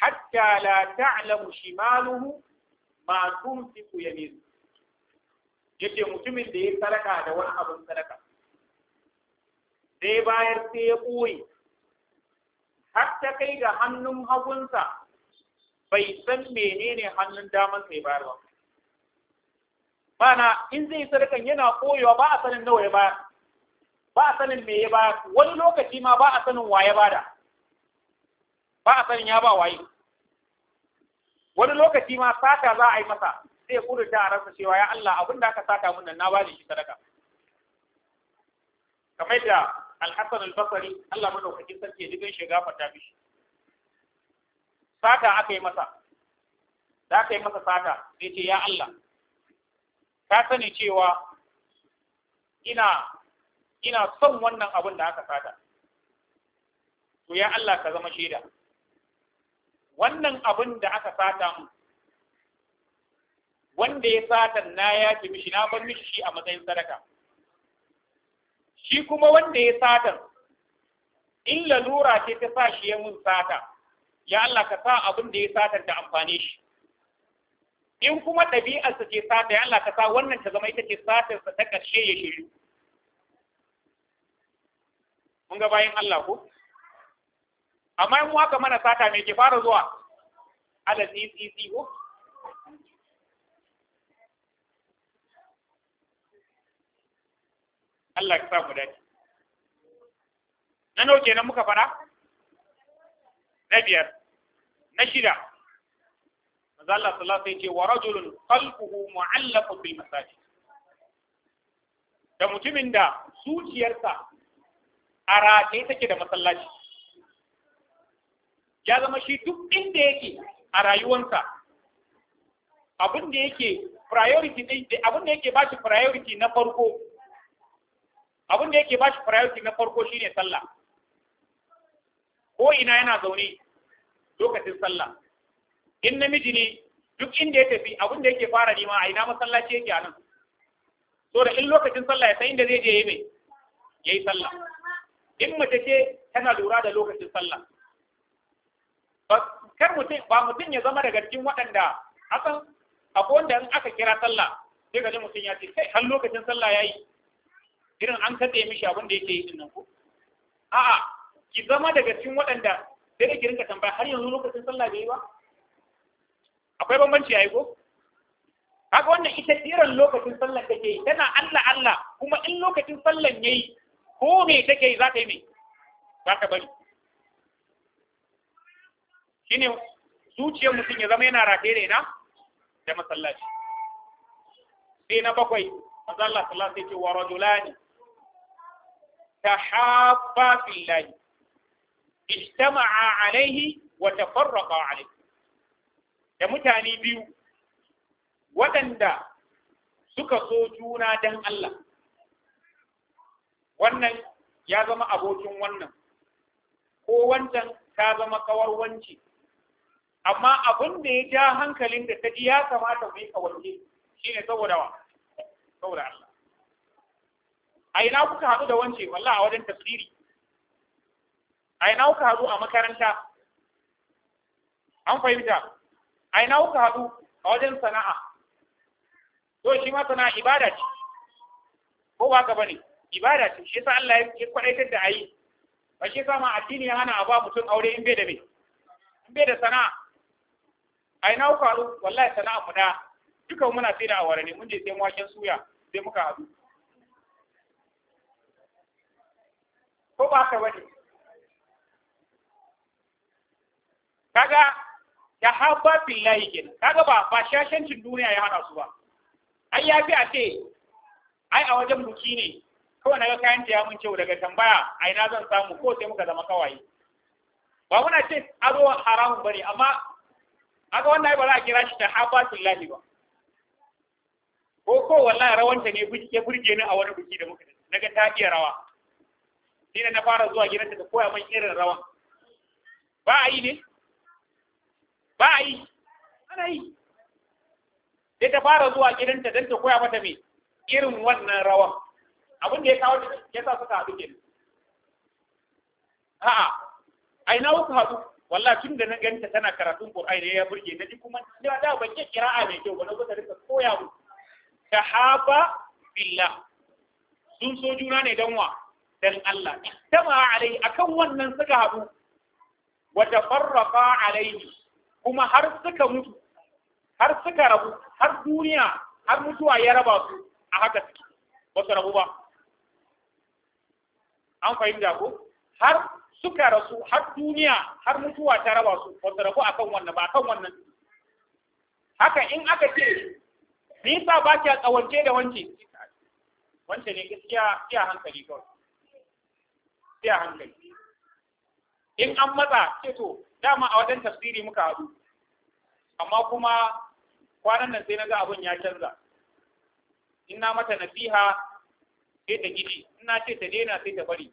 hatta la ta'lamu shimaluhu ma tunfiqu yaminu yace mutumin da ya sadaka da wani abin sadaka sai bayar sai ya ɓoye har ta kai ga hannun hagunsa bai san menene hannun damar sai bayar ba bana in zai sadaka yana koyewa ba a sanin nawa ya bayar ba a sanin me ya bayar wani lokaci ma ba a sanin wa ya bada ba a sanin ya ba waye wani lokaci ma sata za a yi masa sai kudu a ransa cewa ya Allah abin da aka sata mun nan na ba shi sadaka kamar da Al-Hassan Al-Basri Allah madaukakin sarki ya shiga fata mishi sata aka yi masa da aka yi masa sata sai ce ya Allah ka sani cewa ina ina son wannan abin da aka sata to ya Allah ka zama shaida wannan abin da aka sata mu wanda ya sata na ke mishi na bar mishi shi a matsayin sadaka shi kuma wanda ya sata in lalura ce ta sa shi ya mun sata ya Allah ka sa abin da ya sata ta amfane shi in kuma ɗabi'arsa ce sata ya Allah ka sa wannan ta zama ita ce satarsa ta ƙarshe ya shiru mun ga bayan Allah ko amma mu haka mana sata me ke fara zuwa ala CCC ko Allah ya sa mu dace na nauke nan muka fara na biyar na shida manzo Allah sallallahu alaihi wasallam ya ce wa rajulun qalbuhu mu'allaqun bil masajid da mutumin da zuciyarsa a rataye take da masallaci ya zama shi duk inda yake a rayuwarsa abin da yake priority din abin da yake ba shi priority na farko abin da yake ba shi priority na farko shine sallah ko ina yana zaune lokacin sallah in namiji ne duk inda ya tafi abin da yake fara nima a ina masallaci yake a nan so da in lokacin sallah ya san inda zai je yi mai yayi sallah in mace ce tana lura da lokacin sallah kar mutum ba mutum ya zama daga cikin waɗanda asan akwai wanda in aka kira sallah sai ga mutum ya ce kai har lokacin sallah ya yi irin an katse mishi abin da yake yi din nan ko a'a ki zama daga cikin waɗanda sai da kirin ka tambaya har yanzu lokacin sallah bai yi ba akwai bambanci yayi ko kaga wannan ita tiran lokacin sallah take yi tana Allah Allah kuma in lokacin sallah yayi ko me take yi za ta yi me za ta bari shine zuciyar mutum ya zama yana rataye da ina da masallaci sai na bakwai manzo Allah sallallahu alaihi wa rajulani tahabba fillahi ijtama'a alaihi wa tafarraqa alaihi da mutane biyu waɗanda suka so juna dan Allah wannan ya zama abokin wannan ko wancan ta zama kawar wanci amma abin da ya ja hankalin da ta ji ya kamata mu yi kawance shi ne saboda wa saboda Allah a ina kuka haɗu da wance wallahi a wajen tafsiri a ina kuka haɗu a makaranta an fahimta a ina kuka haɗu a wajen sana'a to shi ma sana'a ibada ce ko ba ka bane ibada ce shi yasa Allah ya kwadaitar da ayi ba shi yasa ma addini ya hana a ba mutum aure in bai da me in bai da sana'a a ina ku haɗu wallahi sana'a mu da duka muna sai da awara ne mun je sai waken suya sai muka haɗu ko ba ka bane kaga ya habba billahi kenan kaga ba ba shashancin duniya ya hana su ba ai ya fi a ce ai a wajen buki ne kawai na ga kayan ta mun cewa daga tambaya a ina zan samu ko sai muka zama kawaye. ba muna ce azo haramun bane amma haka wannan ba za a kira shi ta lahi ba ko ko wallahi rawanta ne ya burge ni a wani buki da muka naga ta iya rawa shine na fara zuwa gidanta ta koya man irin rawan ba a yi ne ba a yi ana yi sai ta fara zuwa gidanta don ta koya mata me irin wannan rawan abin da ya kawo ya sa suka haɗu kenan a'a ai na uku haɗu wallahi tun da na ganta tana karatun Qur'ani ya burge na kuma da da ban yi kira'a mai kyau ba na da ta rika koya mu sahaba billah sun so juna ne dan wa dan Allah ittama alai akan wannan suka haɗu wa tafarraqa alaihi kuma har suka mutu har suka rabu har duniya har mutuwa ya raba su a haka suke ba su rabu ba an fahimta ko har suka rasu har duniya har mutuwa ta raba su ba su rabu akan wannan ba akan wannan haka in aka ce me yasa ba ki tsawance da wance wance ne gaskiya iya hankali kawai iya hankali in an matsa ce to dama a wajen tafsiri muka haɗu amma kuma kwanan nan sai na ga abin ya canza ina na mata nasiha sai ta gidi ina ce ta daina sai ta bari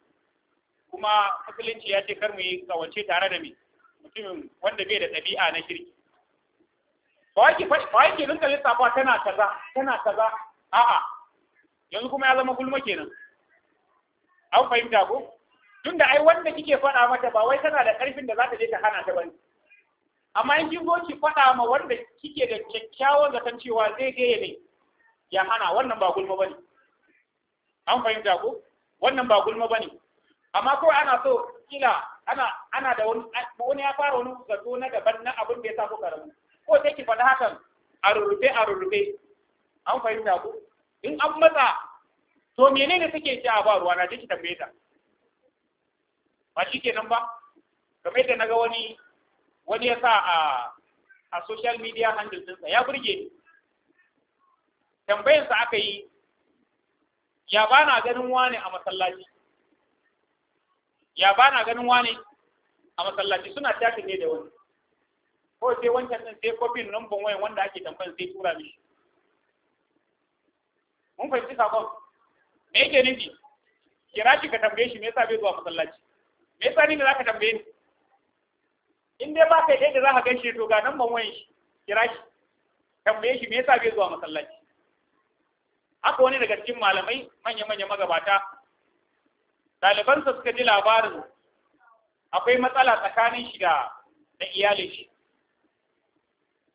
kuma musulunci ya ce kar mu yi kawance tare da mu mutumin wanda bai da ɗabi'a na kirki ba wai ke rinka lissafa tana kaza tana kaza a'a yanzu kuma ya zama gulma kenan an fahimta ko tun da ai wanda kike faɗa mata ba wai tana da ƙarfin da za ta je ta hana ta bane amma in kin ki faɗa ma wanda kike da kyakkyawan zaton cewa zai je ne ya hana wannan ba gulma bane an fahimta ko wannan ba gulma bane amma kawai ana so kila ana ana da wani wani ya fara wani zato na daban na abin da ya sa kuka rabu ko sai ki faɗi hakan a rurrufe a rurrufe an fahimta ku in an matsa to menene suke ci a ba ruwa na je ki tambaye ta ba shi kenan ba kamar yadda naga wani wani ya sa a a social media handle ɗinsa ya burge ni aka yi ya ba na ganin wani a masallaci ya ba na ganin wani a masallaci suna tafi ne da wani ko sai wancan din sai kofin numban wayan wanda ake tambayan sai tura mishi mun fahimci sakon me yake nufi kira shi ka tambaye shi me yasa bai zuwa masallaci me yasa ni za ka tambaye ni in dai ba kai ɗaya da ka gaishe to ga numban wayan shi kira shi tambaye shi me yasa bai zuwa masallaci haka wani daga cikin malamai manya-manya magabata su suka ji labarin akwai matsala tsakanin shi da na iyalin shi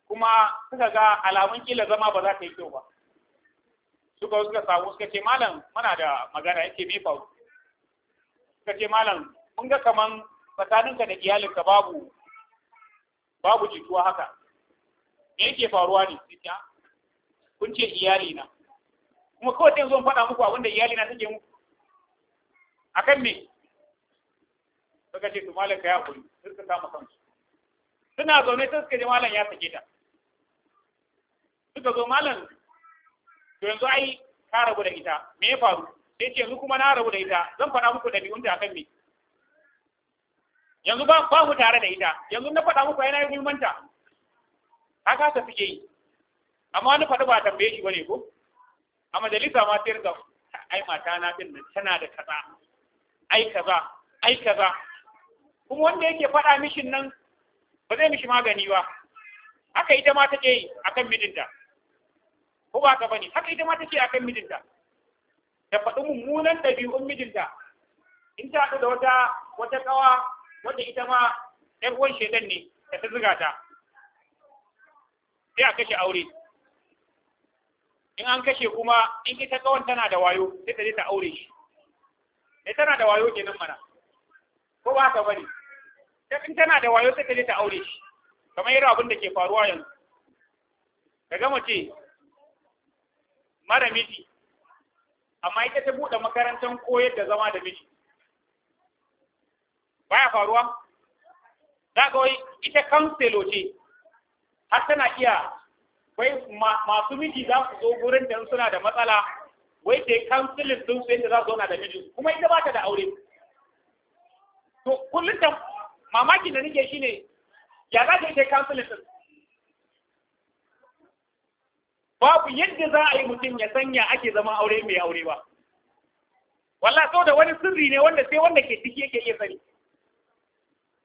kuma suka ga alamun kila zama ba za ta yi kyau ba suka suka samu suka ce malam muna da magana yake me faru suka ce malam mun ga kaman tsakaninka da iyalinka babu babu jituwa haka me yake faruwa ne ah, kun ce iyali na kuma kawai zan faɗa muku abin da iyali na take muku akan me suka ce to malam ka ya kuri suka kama kansu suna zaune sai suka je malam ya sake ta suka zo malam to yanzu ai ka rabu da ita me ya faru sai ce yanzu kuma na rabu da ita zan faɗa muku da biyun da akan me yanzu ba ba mu tare da ita yanzu na faɗa muku yana yin gulmanta haka ta fike yi amma wani faɗi ba tambaye shi bane ko a majalisa ma sai rinka ai mata na din tana da kaza ai kaza ai kaza kuma wanda yake faɗa mishin nan ba zai mishi magani ba haka ita ma take yi akan mijinta ko ba ka bane haka ita ma take akan mijinta da faɗi mummunan ɗabi'un mijinta in ta haɗu da wata wata ƙawa wanda ita ma ɗan uwan shedan ne da ta zuga ta sai a kashe aure in an kashe kuma in ita ƙawan tana da wayo sai ta je ta aure shi eh tana da wayo kenan mana ko ba ka bari in tana da wayo sai ta je ta aure shi kamar irin abin ke faruwa yanzu kaga mace mara miji amma ita ta buɗe makarantar koyar da zama da miji baya faruwa za ka wai ita kanselo ce har tana iya wai masu miji za su zo gurin da suna da matsala wai ke kansilin sun su yadda za su zauna da miji kuma ita ba ta da aure to kullum da mamakin da nake shine ya za ta yi kansilin din babu yadda za a yi mutum ya sanya ake zama aure mai aure ba walla sau da wani sirri ne wanda sai wanda ke ciki yake iya sani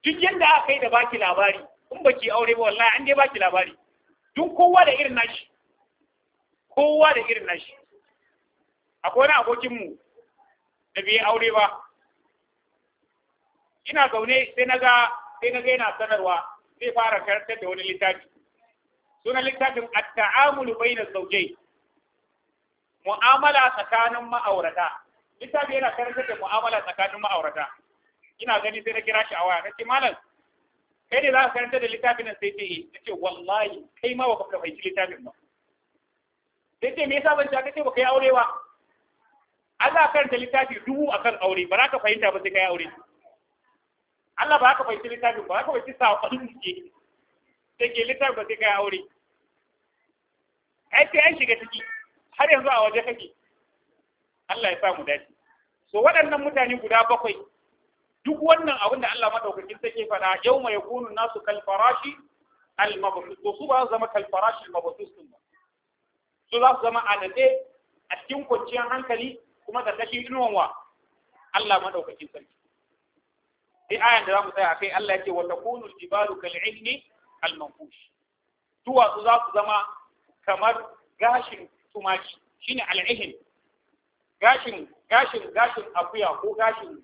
duk yadda aka kai da baki labari in baki aure ba wallahi an dai baki labari duk kowa da irin nashi kowa da irin nashi akwai wani abokinmu da bai aure ba ina zaune sai na ga sai na ga yana sanarwa zai fara karantar da wani littafi sunan littafin at-ta'amulu bainaz zawjayn mu'amala tsakanin ma'aurata littafi yana karantar da mu'amala tsakanin ma'aurata ina gani sai na kira shi a waya nace malam kai ne za ka karanta da littafin nan sai ce eh. nace wallahi kai ma baka fahimci littafin ba sai ce me yasa ban ta kace baka yi Allah karanta littafi dubu akan aure ba za ka fahimta ba sai kai aure Allah ba ka fahimci littafin ba ka fahimci sakon ke sai ke littafin ba sai kai aure ai sai an shiga ciki har yanzu a waje kake Allah ya sa mu dace so waɗannan mutane guda bakwai duk wannan abin da Allah madaukakin take faɗa yau mai yakunu nasu kal farashi al mabthus to su ba zama kal farashi al mabthus din ba su za su zama a a cikin kwanciyar hankali kuma karkashin inuwan wa Allah madaukakin sarki sai ayan da zamu tsaya akai Allah yake wa takunu jibalu kal-'ihni al-manfush su za su zama kamar gashin tumaki shine al-'ihn gashin gashin gashin akuya ko gashin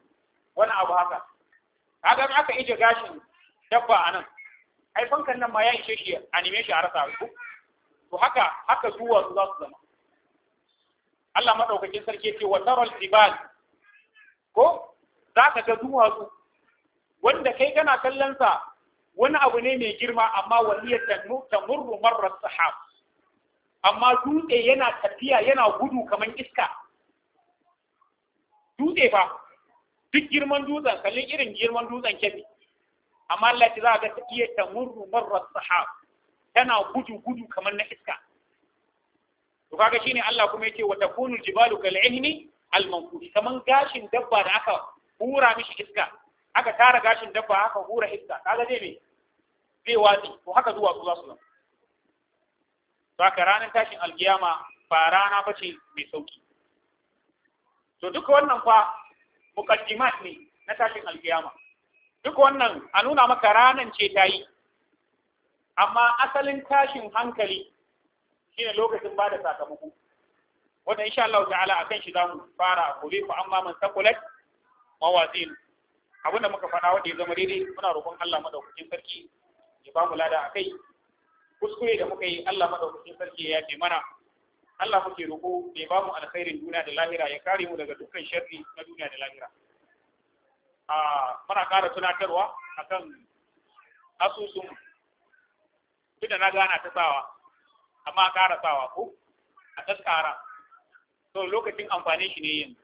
wani abu haka kaga aka ije gashin dabba anan ai fankan nan ma ya ishe shi anime shi a rasa to haka haka su za su zama Allah madaukakin sarki ce wa taral jibal ko zaka ga duwatsu wanda kai kana kallon sa wani abu ne mai girma amma waliyar tamurru marar sahab amma dutse yana tafiya yana gudu kamar iska dutse fa duk girman dutsen kallon irin girman dutsen kebi amma Allah za ga ta iya tamurru marar sahab tana gudu gudu kamar na iska to kaga shine Allah kuma yake wa takunu jibalu kal ihni al manfud kaman gashin dabba da aka hura mishi iska aka tara gashin dabba aka hura iska kaga zai me zai watsi ko haka zuwa su za su zama to haka ranar tashin alkiyama ba rana ba ce mai sauki to duka wannan fa muqaddimat ne na tashin alkiyama Duk wannan a nuna maka ranan ce ta yi amma asalin tashin hankali Jiya lokacin ba da sakamako wanda insha Allah ta'ala akan shi zamu fara gobe ku amma man sakulat mawazin abin da muka faɗa wanda ya zama daidai muna roƙon Allah madaukakin sarki ya ba mu lada akai kuskure da muka yi Allah madaukakin sarki ya ce mana Allah muke roƙo ya ba mu alkhairin duniya da lahira ya kare mu daga dukkan sharri na duniya da lahira a muna ƙara tunatarwa akan asusun duk da na gana ta sawa amma ƙara sawa ko a taskara to lokacin amfani shi ne yin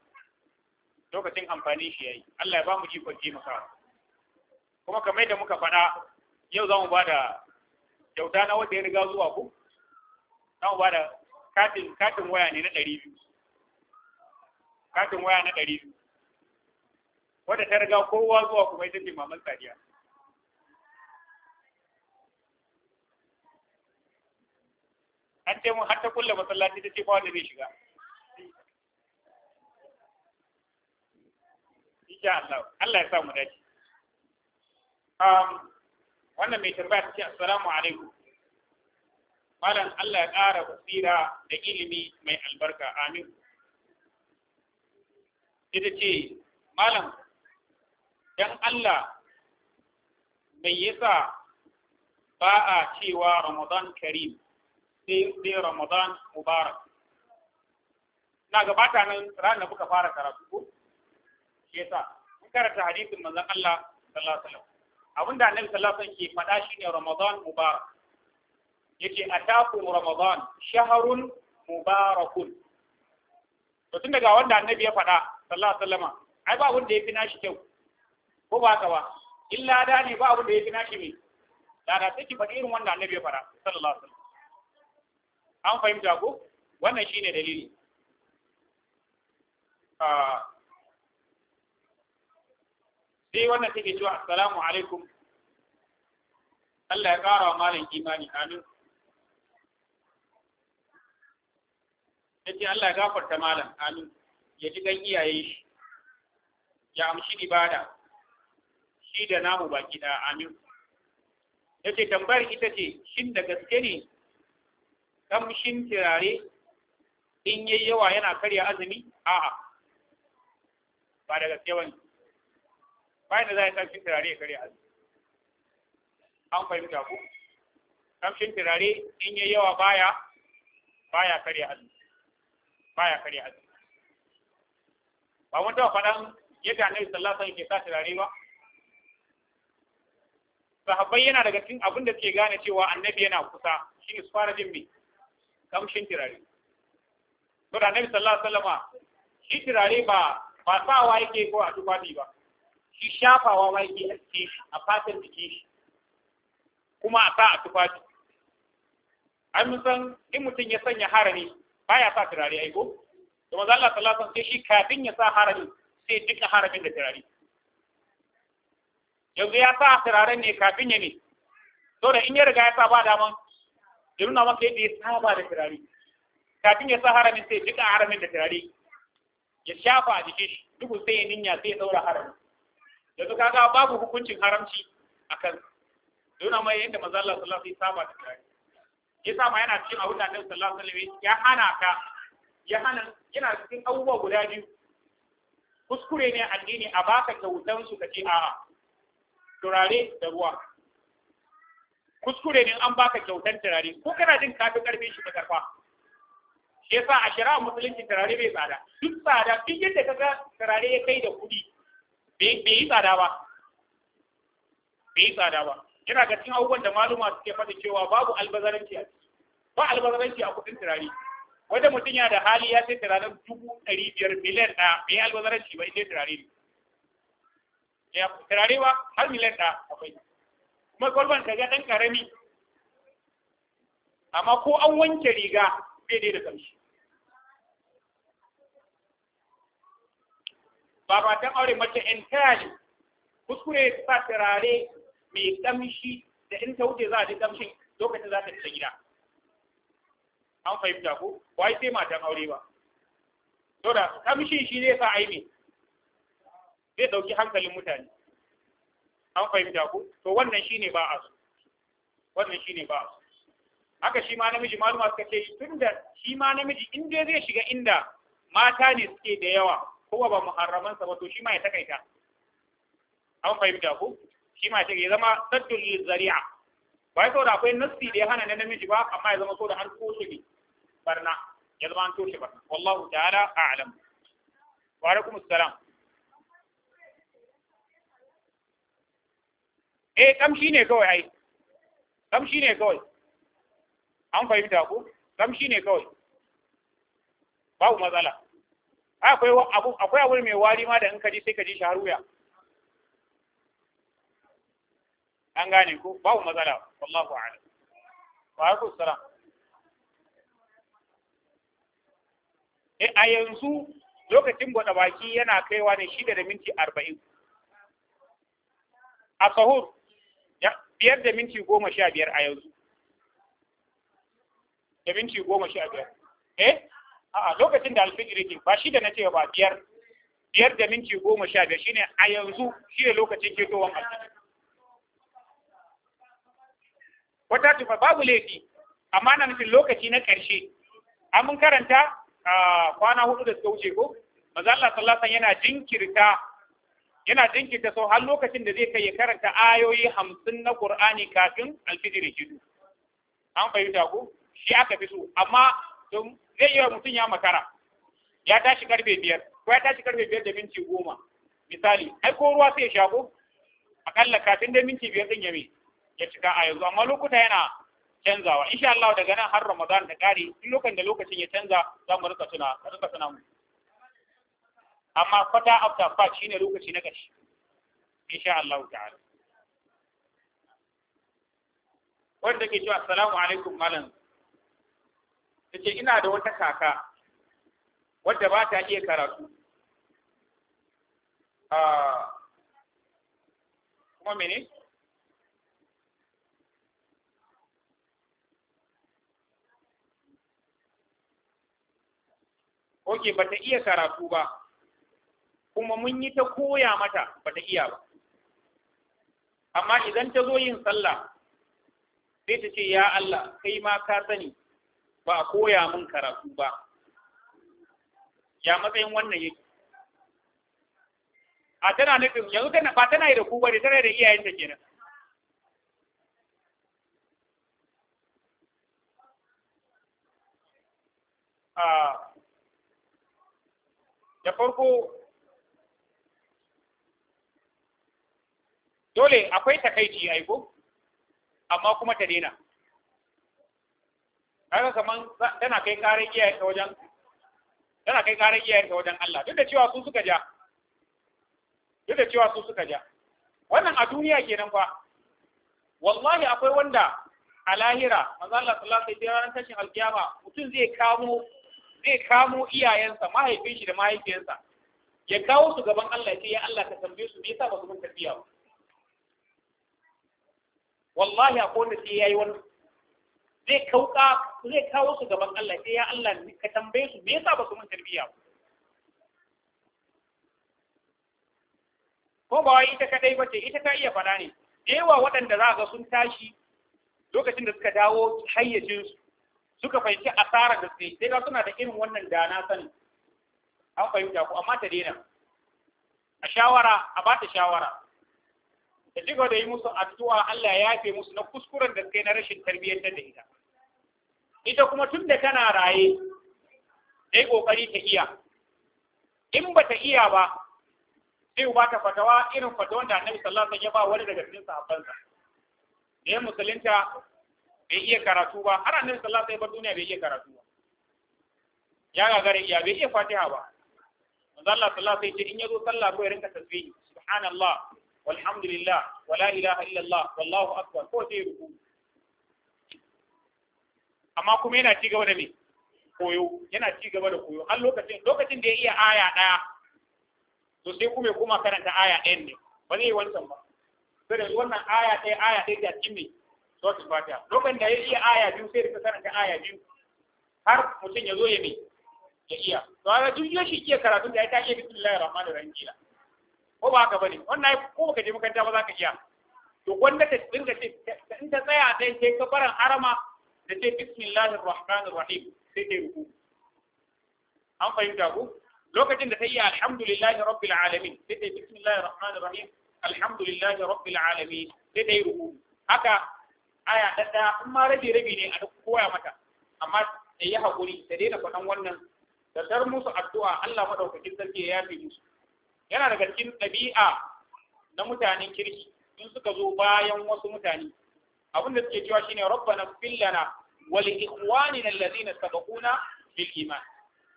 lokacin amfani shi ya yi. Allah ya ba mu ikon maka kuma kamar da muka faɗa yau za mu ba da kyauta na wanda ya riga zuwa ku za mu ba da katin katin waya ne na ɗari biyu katin waya na ɗari biyu wadda ta riga kowa zuwa kuma ita ce maman sadiya an ce mun har ta kulle masallaci ta ce ba wanda zai shiga insha Allah Allah ya sa mu dace um wannan mai tambaya ta ce assalamu alaikum malam Allah ya ƙara basira da ilimi mai albarka amin ita ce malam dan Allah mai yasa ba a cewa Ramadan Karim sai Ramadan Mubarak. Na gabata nan ranar da muka fara karatu ko? Shi yasa, mun karanta hadisin manzon Allah sallallahu alaihi wasallam. Abin da Annabi sallallahu alaihi wasallam ke faɗa shine Ramadan Mubarak. Yace ataku Ramadan shahrun mubarakun. To tun daga wanda Annabi ya faɗa sallallahu alaihi wasallam, ai ba wanda ya fi nashi kyau. Ko ba ka ba? Illa da ne ba abin da ya fi nashi ne? Da da take faɗi irin wanda Annabi ya faɗa sallallahu alaihi wasallam. an fahimta ko wannan shine dalili ah, sai wannan take cewa assalamu alaikum Allah ya ƙara wa malam imani amin yace Allah ya gafarta malam amin ya ji gan iyaye shi ya amshi ibada shi da namu baki da amin yace tambayar ita ce shin da gaske ne kamshin turare in yi yawa yana karya azumi a'a ba daga tsewan bayan da za a yi kamshin turare ya karya azumi an fahimta ku kamshin turare in yi yawa baya baya karya azumi baya karya azumi ba mun taɓa faɗan yadda annabi sallallahu alaihi wasallam ke sa turare ba sahabbai yana daga cikin abin da suke gane cewa annabi yana kusa shine su fara jin me kamshin tirare, to da annabi sallallahu alaihi wasallama shi tirare ba ba sawa yake ko a tufafi ba shi shafa wa yake a cikin shi a fatan jikin kuma a sa a tufafi An mun san in mutum ya sanya harami baya sa tirare ai ko to manzo Allah sallallahu alaihi wasallam sai shi kafin ya sa harami sai duka haramin da tirare. yanzu ya sa turaren ne kafin ya ne to da in ya riga ya sa ba daman ya nuna maka yadda ya saba da turare kafin ya sa haramin sai duka haramin da turare ya shafa a jikin shi duk sai ya ninya sai ya saura haramin yanzu kaga babu hukuncin haramci a kan nuna mai yadda manzo Allah sallallahu alaihi wasallam saba da turare sa ma yana cikin abin da Annabi sallallahu alaihi wasallam ya hana ka ya hana yana cikin abubuwa guda biyu kuskure ne addini a baka kyautan su kace a'a turare da ruwa kuskure ne an baka kyautar turare ko kana jin kafin karfe shi karfa shi yasa a shari'a musulunci turare bai tsada duk tsada duk yadda ka ga turare ya kai da kuɗi bai yi tsada ba bai yi tsada ba yana ga cikin abubuwan da maluma suke faɗi cewa babu albazaranci a ba albazaranci a kuɗin turare wanda mutum yana da hali ya sai turaren dubu ɗari biyar miliyan ɗaya bai albazaranci ba inda turare ne turare ba har miliyan ɗaya akwai makwalban ka ga ɗan ƙarami amma ko an wanke riga dai da ƙamshi ba matan aure mace entirely kuskure sa turare mai ƙamshi da in ta wuce za a ji ƙamshin lokacin za ta fita gida an fahimta ko wai sai matan aure ba to da ƙamshin shi zai sa aini zai ɗauki hankalin mutane an fahimta ku to wannan shine ba a wannan shine ba a haka shi ma namiji maluma suka ce tunda shi ma namiji in dai zai shiga inda mata ne suke da yawa ko ba muharraman sa ba to shi ma ya takaita an fahimta ku shi ma ya zama saddul zari'a ba ya saboda akwai nassi da ya hana na namiji ba amma ya zama so da an toshe ne barna ya zama an toshe barna wallahu ta'ala a'lam wa alaikumus salam eh kamshi ne kawai ai kamshi ne kawai an fahimta ku kamshi ne kawai babu matsala akwai abu akwai abu mai wari ma da in ka ji sai ka ji shi har wuya an gane ku babu matsala wallahu a'lam wa alaikum salam eh a yanzu lokacin gwada baki yana kaiwa ne shida da minti arba'in a sahur biyar da minti goma sha biyar a yanzu da minti goma sha biyar eh a lokacin da alfijiri ke ba shi da na ce ba biyar biyar da minti goma sha biyar shine a yanzu shi ne lokacin ketowar alfijiri wata tufa babu laifi amma na nufin lokaci na ƙarshe an mun karanta kwana hudu da suka wuce ko maza Allah sallallahu yana jinkirta yana jinkirta sau har lokacin da zai kai ya karanta ayoyi hamsin na Qur'ani kafin alfijir shidu an fahimta ko shi aka fi so amma zai iya mutum ya makara ya tashi karfe biyar ko ya tashi karfe biyar da minti goma misali ai ko ruwa sai ya shago a akalla kafin da minti biyar din ya me ya cika a yanzu amma lokuta yana canzawa insha Allah daga nan har Ramadan da kare duk lokacin da lokacin ya canza za mu rika tuna rika tuna mu amma kwata after five shine lokaci na ƙarshe insha Allah ta'ala wanda ke cewa assalamu alaikum malam tace ina da wata kaka wadda ba ta iya karatu ah, kuma mene Oke, ba ta iya karatu ba, kuma mun yi ta koya mata ba ta iya ba amma idan ta zo yin sallah sai ta ce ya Allah kai ma ka sani ba a koya mun karatu ba ya matsayin wannan yake a tana nufin yanzu tana ba tana yi da ku bane tana da iyayen ta kenan a ah, da farko dole akwai takaici ai ko amma kuma ta daina kaga kaman tana kai iyaye ta wajen tana kai iyaye ta wajen Allah duk da cewa su suka ja duk da cewa su suka ja wannan a duniya kenan fa wallahi akwai wanda a lahira manzo Allah sallallahu alaihi wasallam ranar tashin alkiyama mutum zai kamo zai kamo iyayensa mahaifin shi da mahaifiyarsa ya kawo su gaban Allah ya ce ya Allah ka tambaye su me yasa ba su mun tafiya ba wallahi a kowanne sai ya yi wannan zai kauka zai kawo su gaban Allah sai ya Allah ka tambaye su me yasa ba su mun tarbiyya ko ba wai ita kadai ce, ita ta iya fada ne da yawa waɗanda za ga sun tashi lokacin da suka dawo hayyacin su suka fahimci asarar da suke sai ga suna da irin wannan da na sani an fahimta ku amma ta daina a shawara a ba ta shawara da ci da yi musu addu'a Allah ya yafe musu na kuskuren da suka na rashin tarbiyyar da ita ita kuma tun da tana raye dai kokari ta iya in ba ta iya ba sai ba ta fatawa irin fatawan da Annabi sallallahu alaihi wasallam ya ba wani daga cikin sahabbansa da musulunta bai iya karatu ba har Annabi sallallahu alaihi wasallam duniya bai iya karatu ba ya gagare iya bai iya Fatiha ba manzo Allah sallallahu alaihi wasallam in yazo sallah ko ya rinka tasbihi subhanallah walhamdulillah لله ولا إله wallahu الله والله أكبر amma kuma yana ci da me koyo yana ci da koyo هل lokacin lokacin da ya iya A daya to sai kuma ya koma karanta aya ɗayan ne ba zai yi wancan ba sai da wannan aya ɗaya aya ɗaya ta cikin ne suratul fatiha lokacin da ya iya aya biyu sai da karanta har mutum ya zo ya iya to ga duk shi iya karatu da ya ta iya bismillahir rahmanir rahim kila ko ba ka bane wannan ko je makaranta ba za ka iya to wanda ta dinga ce in ta tsaya dai ka baran harama da ce bismillahir rahmanir rahim sai ta ruku an fahimta ku lokacin da ta yi alhamdulillahi rabbil alamin sai ta bismillahir rahmanir rahim alhamdulillahi rabbil alamin sai ta ruku haka aya da daya in ma rabi rabi ne a duk koya mata amma ta yi hakuri ta daina faɗan wannan da dar musu addu'a Allah madaukakin sarki ya yafe musu yana daga cikin ɗabi'a na mutanen kirki in suka zo bayan wasu mutane abin da suke cewa shine rabbana fil lana wal ikhwanina alladhina sabaquna bil iman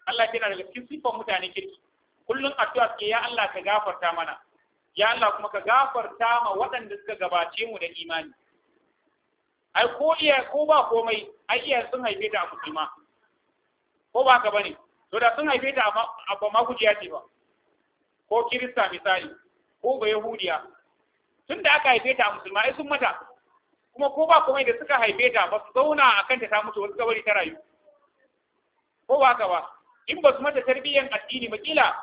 Allah yana daga cikin sifan mutanen kirki kullun addu'a ke ya Allah ka gafarta mana ya Allah kuma ka gafarta ma waɗanda suka gabace mu da imani ai ko iya ko ba komai ai iya sun haife ta a musulma ko ba ka bane to da sun haife ta a ba ma ce ba ko kirista misali ko ba yahudiya tun da aka haife ta a musulma ai sun mata kuma ko ba komai da suka haife ta ba su zauna a kanta ta mutu wasu kabari ta rayu ko ba ka ba in ba su mata tarbiyyan addini ba kila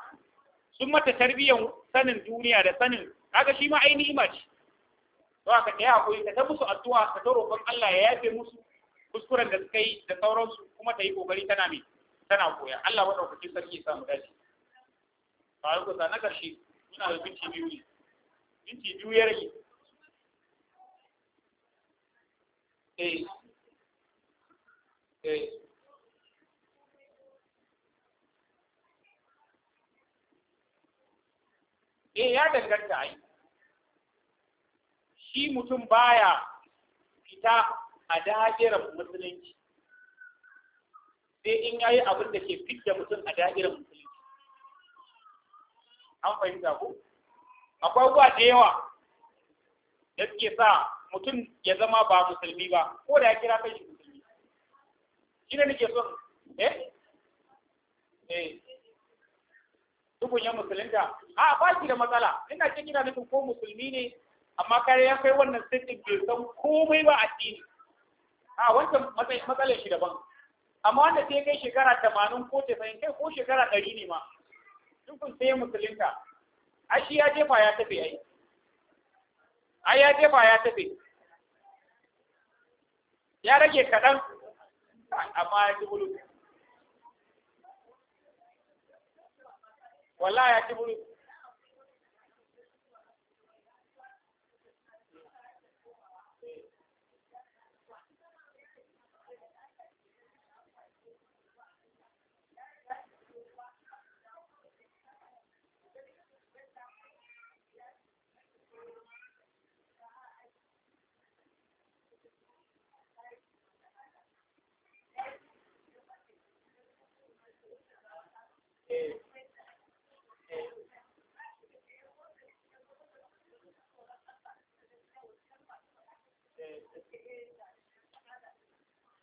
sun mata tarbiyyan sanin duniya da sanin kaga shi ma ainihi ma ce to aka ɗaya hakuri ta musu addu'a ta ta roƙon Allah ya yafe musu kuskuren da suka yi da sauransu kuma ta yi kokari tana mai tana koya Allah madaukakin sarki ya samu dace faru kusa na ƙarshe muna da minti biyu ne minti biyu ya rage eh eh eh ya danganta ai shi mutum baya fita a da'irar musulunci sai in yayi abin da ke fidda mutum a da'irar musulunci an fahimta ko akwai abubuwa da yawa da suke sa mutum ya zama ba musulmi ba ko da ya kira kai shi musulmi shi ne nake son eh eh dubun ya musulunta a ba ki da matsala ina ce kina nufin ko musulmi ne amma kare ya kai wannan sirrin bai san komai ba a addini a wancan matsalar shi daban amma wanda sai kai shekara tamanin ko 90 kai ko shekara ɗari ne ma Dukun sai musulunta shi ya jefa ya tafi ai ai ya jefa ya tafi ya rage kaɗan amma ya ci bulu wallahi ya ci bulu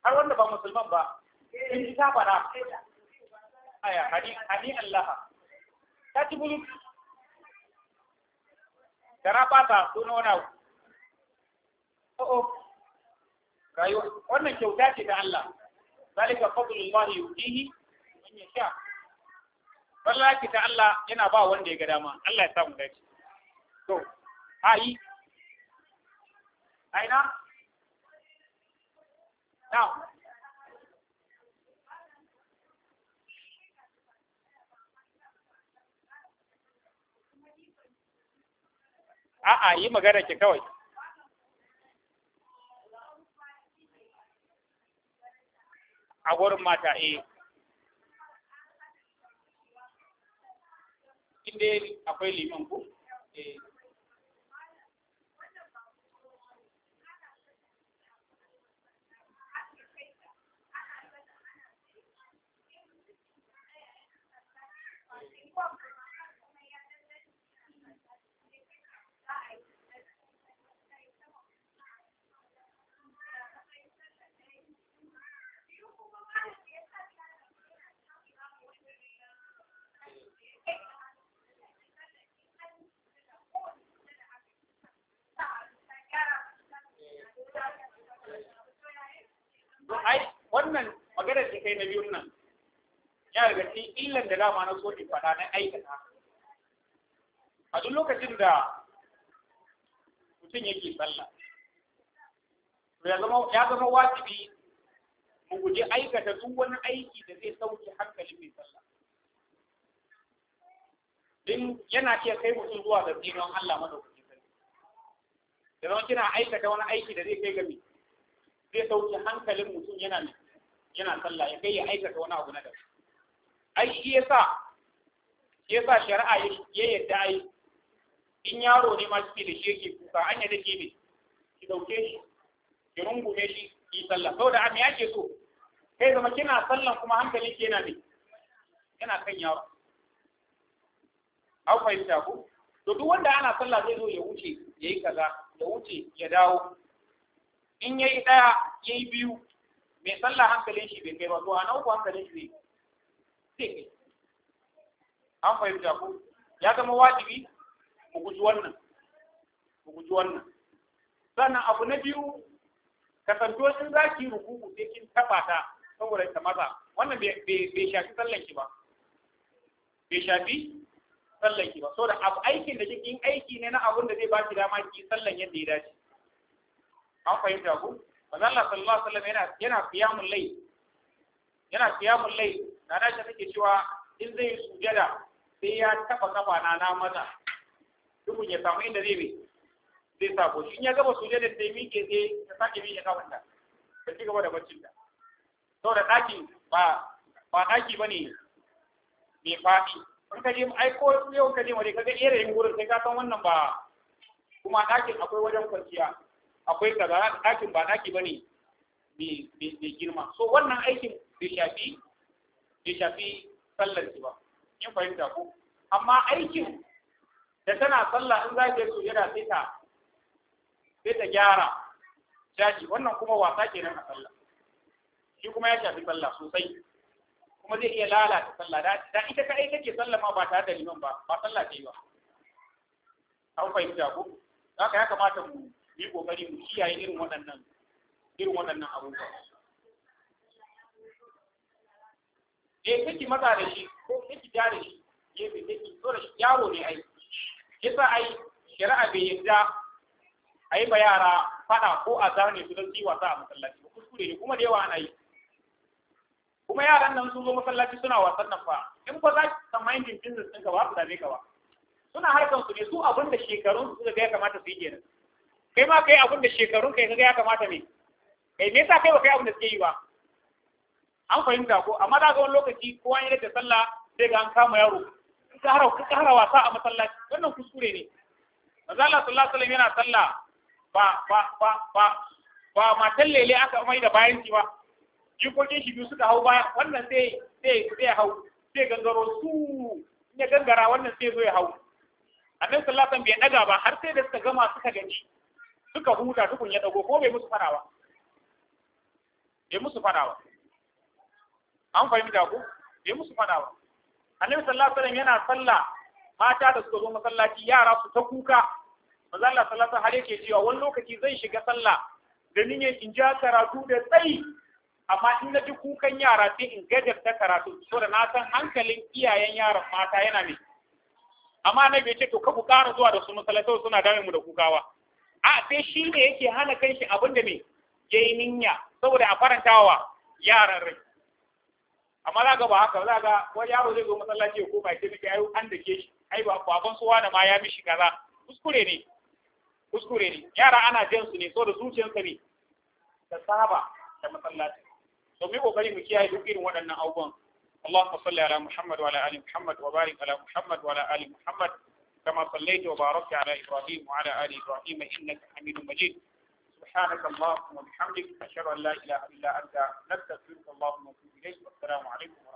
har wanda ba musulman ba in ji ta fara aya hadi Allah ta ci bulu gara fata ko na wani abu o'o oh, oh. rayuwa wannan kyauta ce ta Allah zalika fadlullahi yutihi man yasha wallahi ta Allah yana ba wanda ya ga dama Allah ya samu dace to ayi aina now a'a yi magana ki kawai a gurin mata eh inda akwai liman ku eh to ai wannan maganar da kai na biyun nan ya daga cikin illan da dama na so in faɗa na aikata a duk lokacin da mutum yake sallah to ya zama ya zama wajibi mu guji aikata duk wani aiki da zai sauke hankalin mai sallah din yana iya kai mutum zuwa ga tsinon Allah madaukakin sarki da zama kina aikata wani aiki da zai kai ga mai zai ɗauki hankalin mutum yana yana sallah ya kai ya aikata wani abu na da ai shi yasa shi yasa shari'a ya yadda ai in yaro ne ma suke da shi yake kuka an yadda ke ne ki ɗauke shi ki rungume shi ki sallah saboda a me yake so kai zama kina sallan kuma hankalin ki yana ne yana kan yaro an fahimta ku to duk wanda ana sallah zai zo ya wuce ya yi kaza ya wuce ya dawo in yayi daya yi biyu mai sallah hankalin shi bai kai ba zuwa na uku hankalin shi zai kai an fahimta ko ya zama wajibi mu guji wannan mu guji wannan sannan abu na biyu kasanto in za ki rukuku sai kin taba ta saboda ta maza wannan bai shafi sallan ki ba bai shafi sallan ki ba saboda abu aikin da kike yin aiki ne na abun da zai ba ki dama ki sallan yadda ya dace an fahimta ku manzo Allah sallallahu alaihi wasallam yana yana qiyamul layl yana qiyamul layl na da ta take cewa in zai sujada sai ya taba kafa na na maza dukun ya samu inda zai bi zai sa ko shi ya gaba sujada sai miƙe sai ya sake miƙe kafan ta ta ci gaba da baccin da saboda daki ba ba daki bane mai faɗi in ka je ai ko yau ka je waje ka ga irin gurin sai ka san wannan ba kuma dakin akwai wajen kwanciya akwai kaza ɗakin ba ɗaki bane mai girma so wannan aikin bai shafi shafi sallar ki ba kin fahimta ko amma aikin da tana sallah in za ta yana sai ta sai ta gyara jaji wannan kuma wasa nan a sallah shi kuma ya shafi sallah sosai kuma zai iya lalata sallah da ita kadai take sallah ma ba tare da liman ba ba sallah ce ba an fahimta ko haka ya kamata mu yi kokari mu kiyaye irin waɗannan irin waɗannan abubuwa eh kake maza da shi ko kake ja da shi ya fi kake so da shi yaro ne ai yasa ai shari'a bai yadda a yi ma yara faɗa ko a zane su don yi wasa a masallaci ba kuskure ne kuma da yawa ana yi kuma yaran nan sun zo masallaci suna wasan nan fa in ba za ki san mindin business ɗinka ba su dame ka ba suna harkar su ne su abin da shekarun su suka ga ya kamata su yi kenan kai ma kai abin da shekarun kai kaga ya kamata ne kai eh, me yasa kai ba kai abin da suke yi ba an fahimta ko amma da ga wani lokaci kowa ya da sallah sai ga an kama yaro ka hara wasa a masallaci wannan kuskure ne manzo Allah sallallahu alaihi wasallam yana sallah ba ba ba ba ba matan lele aka mai da bayan ki ba jikokin shi biyu suka hau baya wannan sai sai sai hau sai gangaro su ya gangara wannan sai zo ya hau annabi sallallahu alaihi wasallam bai daga ba har sai da suka gama suka gani suka huta tukun ya dago ko bai musu fada ba bai musu fada ba an fahimta ko bai musu fada ba annabi sallallahu alaihi wasallam yana sallah mata da suka zo masallaci yara su ta kuka manzo Allah sallallahu alaihi wasallam yake cewa wani lokaci zan shiga sallah da niyyar in ja karatu da tsayi amma in na ji kukan yara sai in ta karatu da na san hankalin iyayen yaran mata yana ne amma na bai ce to ka ku ƙara zuwa da su masallatai suna dame mu da kukawa a sai shi ne yake hana kanshi abin da me yi ninya saboda a farantawa yaran rai amma za ga ba haka za ga wani yaro zai zo masallaci ya koma ke ce miki ai an ke shi ai ba baban suwa da ma ya mishi kaza kuskure ne kuskure ne yara ana jan su ne so da zuciyarsa ne da saba da masallaci to mu kokari mu kiyaye duk irin waɗannan abubuwan اللهم صل على محمد وعلى ال محمد وبارك على محمد وعلى ال محمد كما صليت وباركت على إبراهيم وعلى آل إبراهيم إنك حميد مجيد سبحانك اللهم وبحمدك أشهد أن لا إله إلا أنت نستغفرك اللهم ونتوب إليك والسلام عليكم